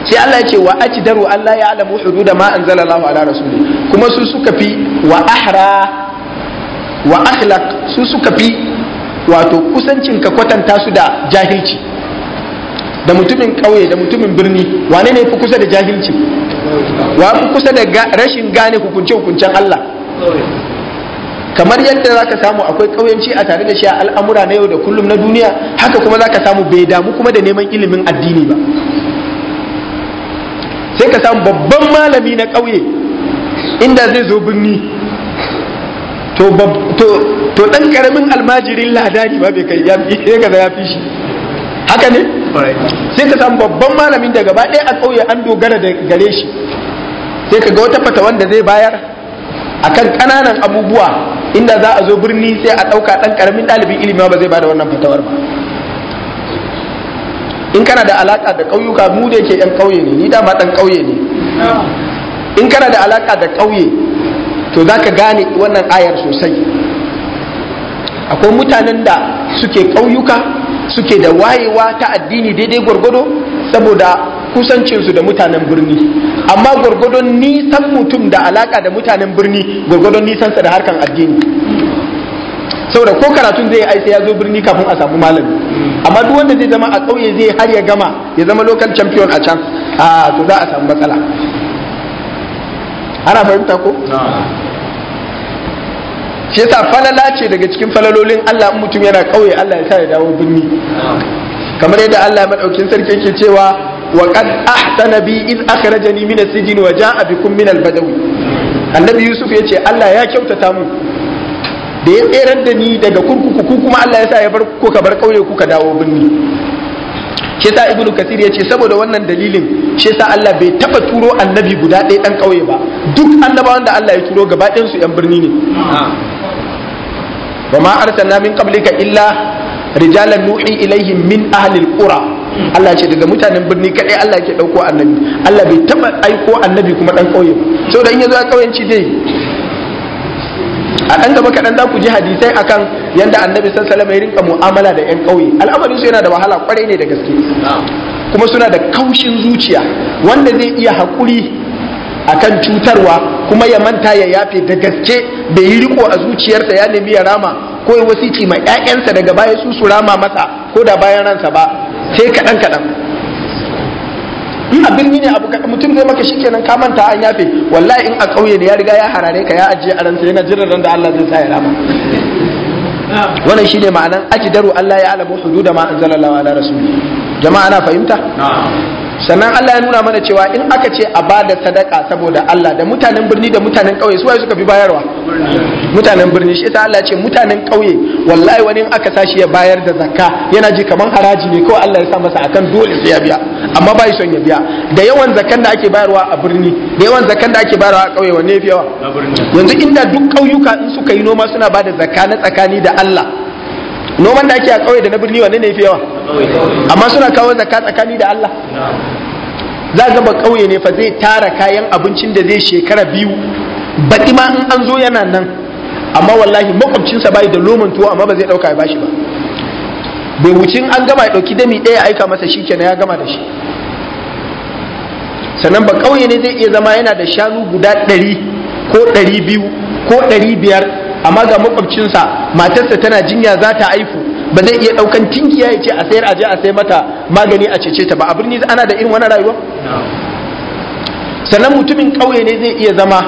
sai Allah ya ce wa ajdaru Allah ya alamu hududa ma anzala Allah ala rasuli kuma su suka fi wa ahra wa akhlaq su suka fi wato kusancin ka kwatanta su da jahilci da mutumin ƙauye da mutumin birni wane ne fi kusa da jahilci wa fi kusa da rashin gane hukunce hukuncen Allah kamar yadda za ka samu akwai ƙauyenci a tare da shi a al'amura na yau da kullum na duniya haka kuma za ka samu bai damu kuma da neman ilimin addini ba sai ka samu babban malami na ƙauye inda zai zo birni to to dan karamin almajirin ladani ba bai kai ya fi kaza ya fi shi haka ne sai ka samu babban malamin da gaba ɗaya a ƙauye an dogara da gare shi sai ka ga wata fata wanda zai bayar akan ƙananan abubuwa inda za a zo birni sai a ɗauka ɗan ƙaramin ɗalibin ilimi ba zai bada wannan fatawar ba in kana da alaƙa da ƙauyuka mu da ke ƴan ƙauye ne ni da ba ɗan ƙauye ne in kana da alaƙa da ƙauye to za ka gane wannan ayar sosai akwai mutanen da suke ƙauyuka suke da wayewa ta addini daidai gwargwado saboda kusancinsu da mutanen birni amma gwargwadon nisan mutum da alaka da mutanen birni gwargwadon nisansa da harkan addini saboda ko karatun zai ai ya zo birni kafin a samu malami amma duk wanda zai zama a ƙauye zai har ya gama ya zama lokal champion a can a to za a samu matsala ana fahimta ko shi yasa falala ce daga cikin falalolin Allah in mutum yana kauye Allah ya sa ya dawo birni kamar yadda Allah madaukin sarki yake cewa wa qad ahsana bi iz akhrajani min as sijni wa jaa bikum min al-badawi annabi yusuf yace Allah ya kyautata mu da ya tserar da ni daga kurkuku ku kuma Allah ya sa ya bar ku ka bar kauye ku ka dawo birni shi yasa ibnu kasir ya ce saboda wannan dalilin shi yasa Allah bai taba turo annabi guda ɗaya ɗan kauye ba duk annabawan da Allah ya turo gaba ɗayan su yan birni ne wa ma arsalna min qablika illa rijalan nuhi ilaihim min ahli alqura Allah ce daga mutanen birni kadai Allah ke dauko annabi Allah bai taba aiko annabi kuma ɗan kauye saboda in ya zo ƙauyen ci dai a ɗan gaba kaɗan za ku ji hadisai akan yadda annabi sallallahu alaihi ya rinka mu'amala da yan ƙauye al'amarin su yana da wahala kwarai ne da gaske kuma suna da kaushin zuciya wanda zai iya haƙuri akan cutarwa kuma ya manta ya yafe da gaske bai yi riko a zuciyarsa ya nemi ya rama ko ya wasici ma 'ya'yansa daga baya su su rama masa ko da bayan ransa ba sai kaɗan kaɗan in a birni ne abu mutum zai maka shikenan ka manta an yafe wallahi in a ƙauye da ya riga ya harare ka ya ajiye a ransa yana jiran ran da Allah zai sa ya rama wannan shine ma'anan ajidaru Allah ya alamu hududa ma anzalallahu ala rasuli jama'a na fahimta sannan Allah ya nuna mana cewa in aka ce a bada sadaka saboda Allah da mutanen birni da mutanen ƙauye su waye suka fi bayarwa mutanen birni shi yasa Allah ya ce mutanen ƙauye wallahi wani in aka sashi ya bayar da zakka yana ji kaman haraji ne ko Allah ya sa masa akan dole sai ya biya amma bai son ya biya da yawan zakkan da ake bayarwa a birni da yawan zakkan da ake bayarwa a ƙauye wanne ya fi yawa yanzu inda duk ƙauyuka in suka yi noma suna bada da zakka na tsakani da Allah noman da ake a kauye da na birni wanne ne fi yawa amma suna kawo zakka tsakani da Allah za ga ba kauye ne fa zai tara kayan abincin da zai shekara biyu baɗi ma in an zo yana nan amma wallahi makwabcinsa bai da loman tuwo amma ba zai ɗauka ya bashi ba bai wucin an gama ya ɗauki dami ɗaya aika masa shi kenan ya gama da shi sannan ba kauye ne zai iya zama yana da shanu guda ɗari ko ɗari biyu ko ɗari biyar amma ga makwabcinsa matarsa tana jinya za ta aifu ba zai iya daukan tinkiya ya ce a sayar aje a sai mata magani a cece ta ba a birni ana da irin wani rayuwa sannan mutumin ƙauye ne zai iya zama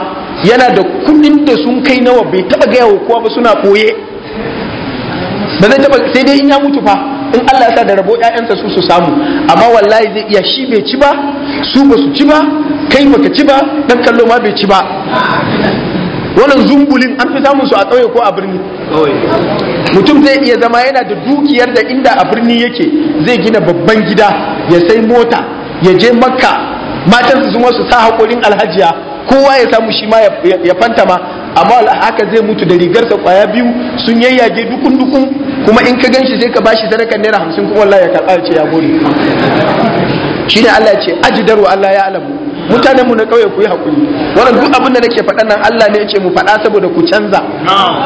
yana da kudin da sun kai nawa bai taɓa gaya wa kowa ba suna koye ba zai taba sai dai in ya mutu fa in Allah ya sa da rabo ƴaƴansa su su samu amma wallahi zai iya shi bai ci ba su ba su ci ba kai baka ci ba dan kallo ma bai ci ba wannan zumbulin an fi samun su a ƙauye ko a birni mutum zai iya zama yana da dukiyar da inda a birni yake zai gina babban gida ya sai mota ya je makka matan su wasu sa haƙorin alhajiya kowa ya samu shi ma ya fantama amma haka zai mutu da rigarsa kwaya biyu sun yayyage dukun dukun kuma in ka ganshi sai ka bashi sadakan naira hamsin kuma Allah ya karɓa ya ce ya gode shi ne Allah ya ce ajidar Allah ya alamu mutanen mu na kauye ku yi hakuri wannan duk abin da nake faɗan nan Allah ne yake mu faɗa saboda ku canza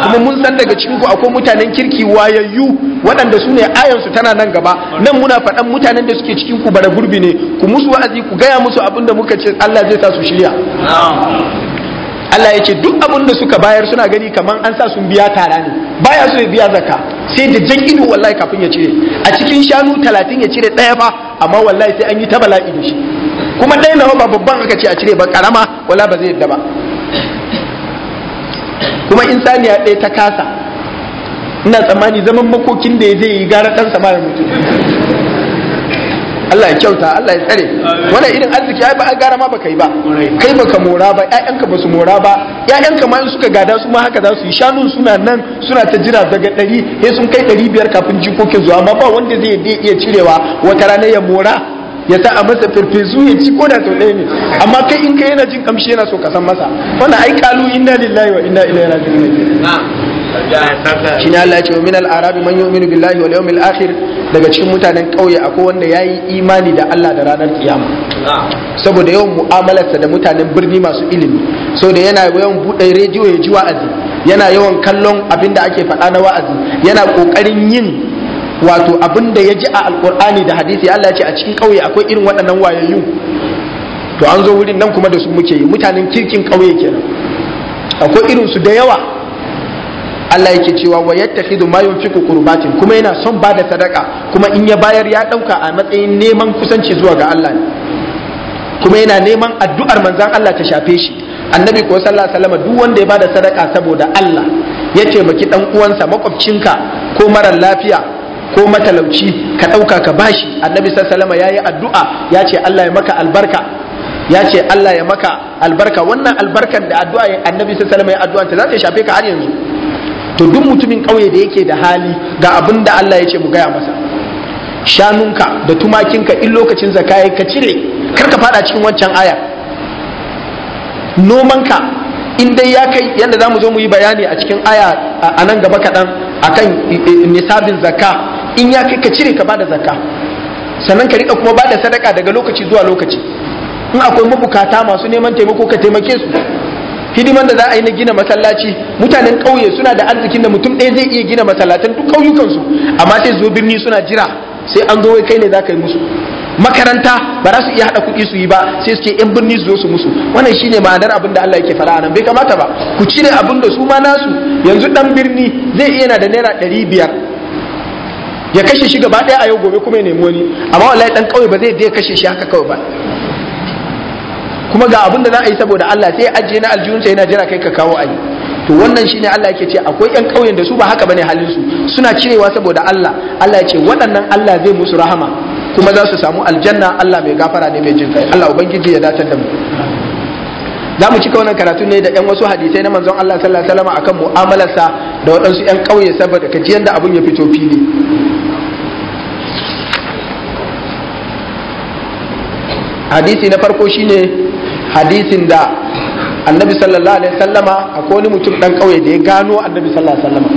kuma mun san daga cikin ku akwai mutanen kirki wayayyu waɗanda su ne ayan su tana nan gaba nan muna faɗan mutanen da suke cikin ku bara gurbi ne ku musu wa'azi ku gaya musu abin da muka ce Allah zai sa su shirya Allah ya ce duk abin da suka bayar suna gani kamar an sa sun biya tara ne baya so ya biya zakka sai da jan ido wallahi kafin ya cire a cikin shanu talatin ya cire ɗaya fa amma wallahi sai an yi ta bala'i da shi kuma dai nawa ba babban aka ce a cire ba karama wala ba zai yadda ba kuma in saniya ɗaya ta kasa ina tsammani zaman makokin da zai yi gara ɗansa ba da mutum. Allah ya kyauta Allah ya tsare wannan irin arziki ai ba a gara ma baka yi ba kai baka mora ba ƴaƴanka ba su mora ba ƴaƴanka ma in suka gada su ma haka za su yi shanun suna nan suna ta jira daga ɗari sai sun kai ɗari biyar kafin jikokin zuwa amma ba wanda zai iya cirewa wata rana ya mora ya ta a masa farfesu ya ci ko da sau ɗaya ne amma kai in kai yana jin kamshi yana so ka san masa wannan ai kalu inna lillahi wa inna ilaihi raji'un shine Allah ya ce min al-arabi man yu'minu billahi wal yawmil akhir daga cikin mutanen ƙauye akwai wanda yayi imani da Allah da ranar kiyama saboda yawan mu'amalarsa da mutanen birni masu ilimi saboda yana yawan buɗe rediyo ya ji wa'azi yana yawan kallon abin da ake faɗa na wa'azi yana ƙoƙarin yin wato abin da ya ji a alkur'ani da hadisi Allah ya ce a cikin ƙauye akwai irin waɗannan wayayyu to an zo wurin nan kuma da su muke yi mutanen kirkin ƙauye kenan akwai irin su da yawa Allah yake cewa wa da ma yunfiqu qurbatin kuma yana son ba da sadaka kuma in ya bayar ya dauka a matsayin neman kusanci zuwa ga Allah ne kuma yana neman addu'ar manzon Allah ta shafe shi annabi ko sallallahu alaihi wasallam duk wanda ya bada sadaka saboda Allah ya taimaki dan uwansa makwabcinka ko mara lafiya ko matalauci ka ɗauka ka bashi annabi sallallahu ya yi addu'a ya ce Allah ya maka albarka ya Allah ya maka albarka wannan albarkan da addu'a ya annabi sallallahu ya addu'a ta za ta shafe ka har yanzu to duk mutumin ƙauye da yake da hali ga abin da Allah ya ce mu gaya masa shanunka da tumakinka in lokacin zakaya ka cire kar ka fada cikin wancan aya nomanka in dai ya kai yadda za mu zo mu yi bayani a cikin aya a nan gaba kaɗan akan nisabin zaka in ya kai ka cire ka bada zakka sannan ka rika kuma bada sadaka daga lokaci zuwa lokaci in akwai mabukata masu neman taimako ka taimake su hidiman da za a yi na gina masallaci mutanen ƙauye suna da arzikin da mutum ɗaya zai iya gina masallatan duk su. amma sai zo birni suna jira sai an zo wai kai ne za ka yi musu makaranta ba za su iya haɗa kuɗi su yi ba sai suke ce yan birni su zo su musu wannan shine ma'anar abin da Allah yake fara nan bai kamata ba ku cire abin da su ma nasu yanzu ɗan birni zai iya na da naira ɗari biyar ya kashe shi gaba ɗaya a yau gobe kuma ya nemi wani amma wallahi dan kauye ba zai je kashe shi haka kawai ba kuma ga abin da za a yi saboda Allah sai ajiye na aljihunsa yana jira kai ka kawo ayi to wannan shine Allah yake ce akwai ƴan ƙauyen da su ba haka bane halin su suna cirewa saboda Allah Allah ya ce waɗannan Allah zai musu rahama kuma za su samu aljanna Allah mai gafara ne mai jin kai Allah ubangiji ya dace da mu za mu cika wannan karatu ne da yan wasu hadisai na manzon Allah sallallahu alaihi wasallam akan mu'amalarsa da waɗansu yan ƙauye saboda ka yanda abun ya fito fili hadisi na farko shine hadisin da annabi sallallahu alaihi sallama akwai wani mutum dan kauye da ya gano annabi sallallahu alaihi sallama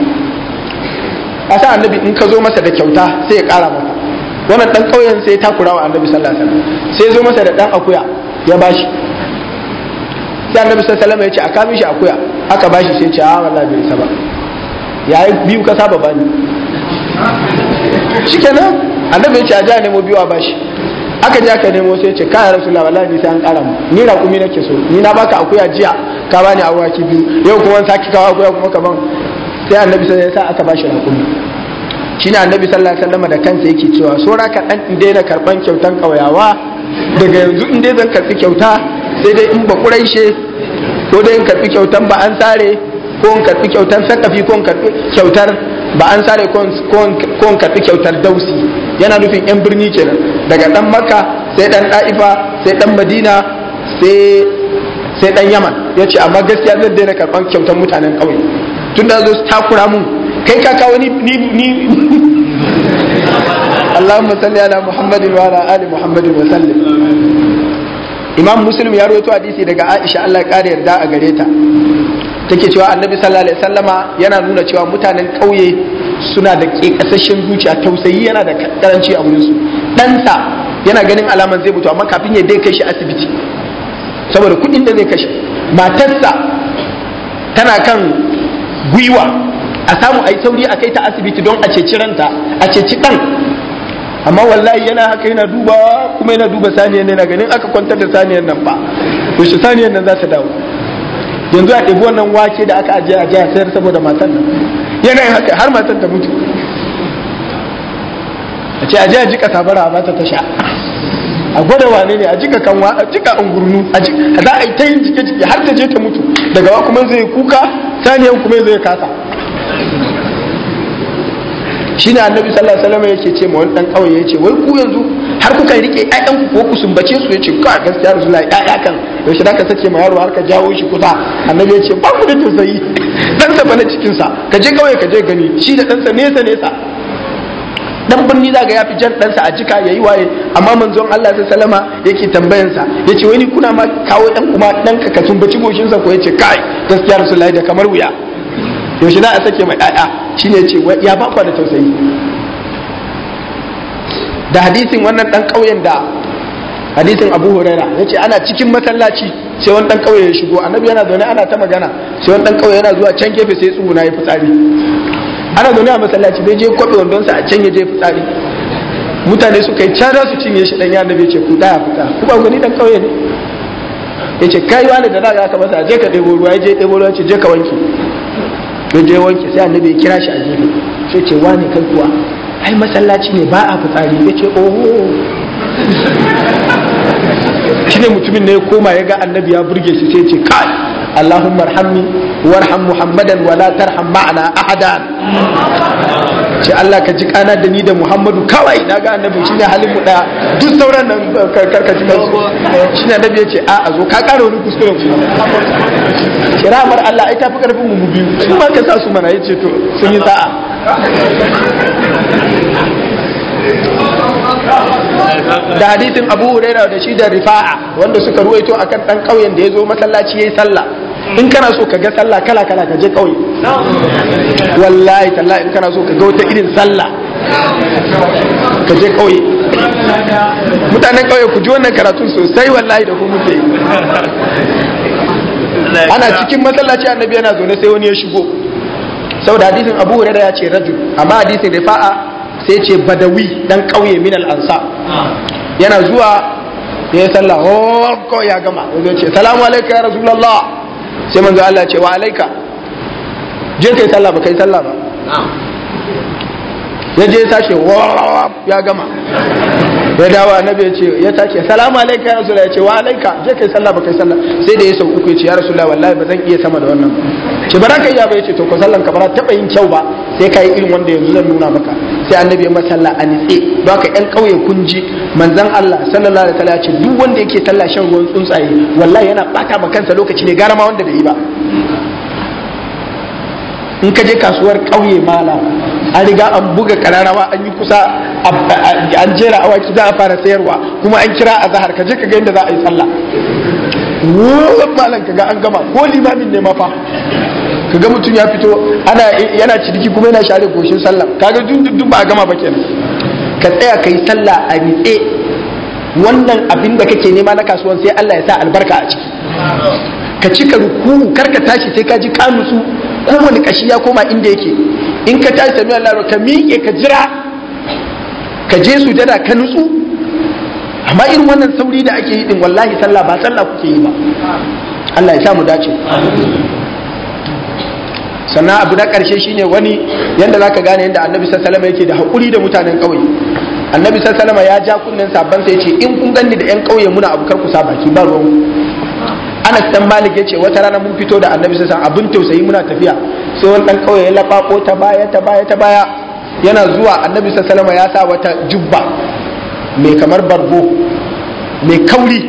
sa annabi in ka zo masa da kyauta sai ya kara maka wannan dan kauyen sai ya takura wa annabi sallallahu alaihi sallama sai ya zo masa da dan akuya ya bashi sai annabi sallallahu alaihi sallama ya ce a kamin shi akuya aka bashi sai ya ce a wallahi bai saba ba yayi biyu ka saba bani shikenan annabi ya ce a ja nemo biyu a bashi aka je aka nemo sai ce kai rasu wallahi ni sai an kara ni raƙumi nake so ni na baka akuya jiya ka bani awaki biyu yau kuma saki kawo akuya kuma kaman sai annabi sai ya sa aka bashi raƙumi shine annabi sallallahu alaihi wasallam da kansa yake cewa sora ka dan in daina karban kyautan kauyawa daga yanzu in zan karbi kyauta sai dai in ba kuraishe ko dai in karbi kyautan ba an sare ko in karbi kyautan sakafi ko in karbi kyautar ba an sare kon karɓi kyautar dausi yana nufin 'yan birni kenan daga ɗan makka sai ɗan daifa sai ɗan madina sai ɗan yaman ya ce amma gaskiya zan daina karɓar kyautar mutanen ƙauye tun da zo su takura mu kai ka kawo ni ni *laughs* Allahumma salli ala Muhammadin wa ala ali Muhammadin wa sallim Imam Muslim ya rawaito hadisi daga Aisha Allah ya kare yarda a gare ta take cewa annabi sallallahu alaihi wasallama yana nuna cewa mutanen ƙauye suna da ƙeƙasashen zuciya tausayi yana da karanci a wurin wurinsu ɗansa yana ganin alaman zai mutu amma kafin ya dai kai shi asibiti saboda kuɗin da zai kashe matarsa tana kan gwiwa a samu a yi sauri a kai ta asibiti don a ceci ranta a ceci ɗan amma wallahi yana haka yana dubawa kuma yana duba saniyar yana ganin aka kwantar da saniyar nan ba to saniyar nan za ta dawo yanzu a ɗabi wannan wake da aka ajiye a jiya sayar saboda matan nan yana yin haka har matan ta mutu a ce a jiya jika sabara a bata ta sha a gwada wane ne a jika kanwa a jika ungurnu a za a yi ta yin jike jike har ta je ta mutu daga wa kuma zai kuka saniyan kuma zai kasa Shin annabi sallallahu alaihi wasallam yake ce ma wani dan kauye yace wai ku yanzu har kuka rike ƴaƴan ku ko ku sumbace su yace ka gaskiya rasulullahi Ya kan yaushe da ka sace ma yaro har ka jawo shi kusa annabi yace ba ku da tausayi dan sa bana cikin sa ka je kauye ka je gani shi da dan sa nesa nesa dan birni zaga ya fi jan sa a jika yayi waye amma manzon Allah alaihi wasallam yake Ya yace wani kuna ma kawo dan kuma dan ka ka tumbaci goshin sa ko yace kai gaskiya Rasulullahi da kamar wuya yaushe za a sake mai ɗaya shine ce ya ba da tausayi da hadisin wannan ɗan ƙauyen da hadisin abu huraira ya ce ana cikin masallaci sai wani ɗan ƙauye ya shigo annabi yana zaune ana ta magana sai wani ɗan ƙauye yana zuwa can gefe sai tsuguna ya fitsari ana zaune a masallaci bai je kwaɓe wandonsa a can ya je fitsari mutane suka yi can su cinye shi dan yana bai ce ku ɗaya fita ku ba gani dan ƙauye ne ya ce kai wani da za ka masa je ka ɗebo ruwa ya je ɗebo ruwa ce je ka wanke ya je wanke sai annabi ya kira shi a gefe sai ce wani kai kuwa ai masallaci ne ba a fitsari ya ce oho *laughs* shi ne mutumin ne ya koma ya ga annabi ya burge shi sai ce kai allahumma arhamni warham muhammadan wala tarham ma'ana ahadan ce Allah ka ji kana da ni da Muhammadu kawai na ga annabi ne halin mu daya duk sauran nan karka su shi ne annabi ya ce a zo ka kara wani kuskure. ku kiramar Allah ai tafi karfin mu biyu su ma ka sa su mana yace to sun yi sa'a da hadithin abu huraira da shi da rifa'a wanda suka ruwaito akan dan ƙauyen da ya zo masallaci yayi sallah in kana so ka ga sallah kala kala ka je kauye wallahi tallahi in kana so ka ga wata irin sallah ka je kauye mutanen kauye ku ji wannan karatun sosai wallahi da ku muke yi ana cikin masallaci annabi yana zaune sai wani ya shigo saboda hadisin abu hurairah ya ce rajul amma hadisin fa'a sai ce badawi dan kauye min al-ansa yana zuwa ya yi sallah oh, ko ya gama ya ce salamu alaikum ya rasulullah sai manzo Allah ce wa alaika je kai sallah ba kai sallah ba ya je ya tashi ya gama ya dawa annabi ya ce ya tace salamu alayka ya rasulullah ya ce wa alayka je kai sallah ba kai sallah sai da ya sau uku ya ce ya rasulullah wallahi ba zan iya sama da wannan ce ba ka iya ba ya ce to ko sallan ka ba taba yin kyau ba sai yi irin wanda yanzu zan nuna maka sai annabi ya masalla a nitse ba ka yan kauye kun ji Allah sallallahu alaihi wasallam ce duk wanda yake sallah shan ruwan tsuntsaye wallahi yana bata ma kansa lokaci ne gara ma wanda bai yi ba in ka je kasuwar kauye mala an riga an buga kararrawa an yi kusa an jera awaki za a fara sayarwa kuma an kira a zahar ka je ka ga inda za a yi sallah wurin malam ka ga an gama ko limamin ne mafa ka ga mutum ya fito ana yana ciniki kuma yana share goshin sallah kaga duk ba a gama ba kenan ka tsaya ka yi sallah a nitse wannan abin da kake nema na kasuwan sai Allah ya sa albarka a ciki ka cika ruku kar ka tashi sai ka ji kanusu nutsu kowane kashi ya koma inda yake in ka tashi sami Allah ka miƙe ka jira ka je su dada ka nutsu amma irin wannan sauri da ake yi din wallahi sallah ba sallah kuke yi ba Allah ya sa mu dace sannan abu na ƙarshe ne wani yadda za ka gane yadda annabi Sassalama yake da haƙuri da mutanen ƙauye annabi Sassalama ya ja kunnen sabon sai ce in kun ganni da yan ƙauye muna abu kar ku sa baki ba ruwan anas dan malik yace wata rana mun fito da annabi sai abin tausayi muna tafiya sai wani dan kauye ya labako ta baya ta baya ta baya yana zuwa annabi sallallahu ya sa wata jubba mai kamar bargo mai kauri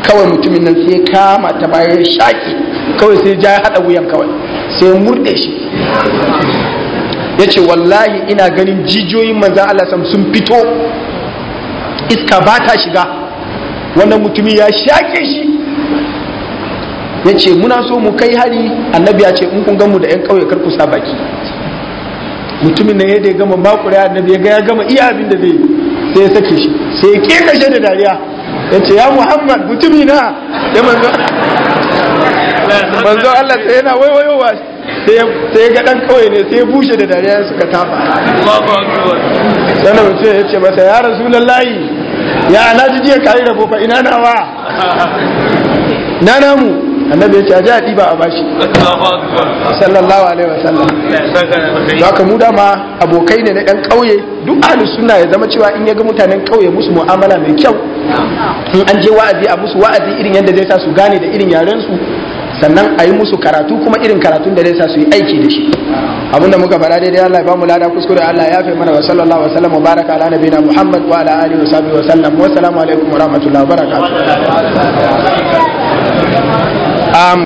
kawai mutumin nan sai kama ta bayan shaki kawai sai ja hada wuyan kawai sai murde shi Yace wallahi ina ganin jijiyoyin manzan Allah sun fito iska ba ta shiga wannan mutumi ya shake shi ya ce muna so mu kai hari annabi ya ce in kun gamu da 'yan ƙauye karku sa baki mutumin na yadda ya gama makure annabi ya ga ya gama iya abin da zai sai ya sake shi sai ya ke kashe da dariya ya ce ya muhammad mutumi na ya manzo manzo allah sai yana waiwayowa sai ya ga dan kawai ne sai ya bushe da dariya suka taba sanar mutum ya ce masa ya rasulallahi ya alhaji jiya kayi rabo fa ina nawa *laughs* na namu annabi ya ce a a ɗiba a bashi sallallahu alaihi wasallam da ka mu dama abokai ne na ɗan ƙauye duk ahli sunna ya zama cewa in ya ga mutanen ƙauye musu mu'amala mai kyau in an je wa'azi a musu wa'azi irin yadda zai sa su gane da irin yaren su sannan a yi musu karatu kuma irin karatun da zai sa su yi aiki da shi abin da muka fara daidai Allah ya bamu lada kuskure Allah ya fi mana wa sallallahu wa sallam wa baraka ala nabiyina Muhammad wa ala alihi wa sahbihi wa sallam wa assalamu alaikum wa rahmatullahi wa barakatuh Um,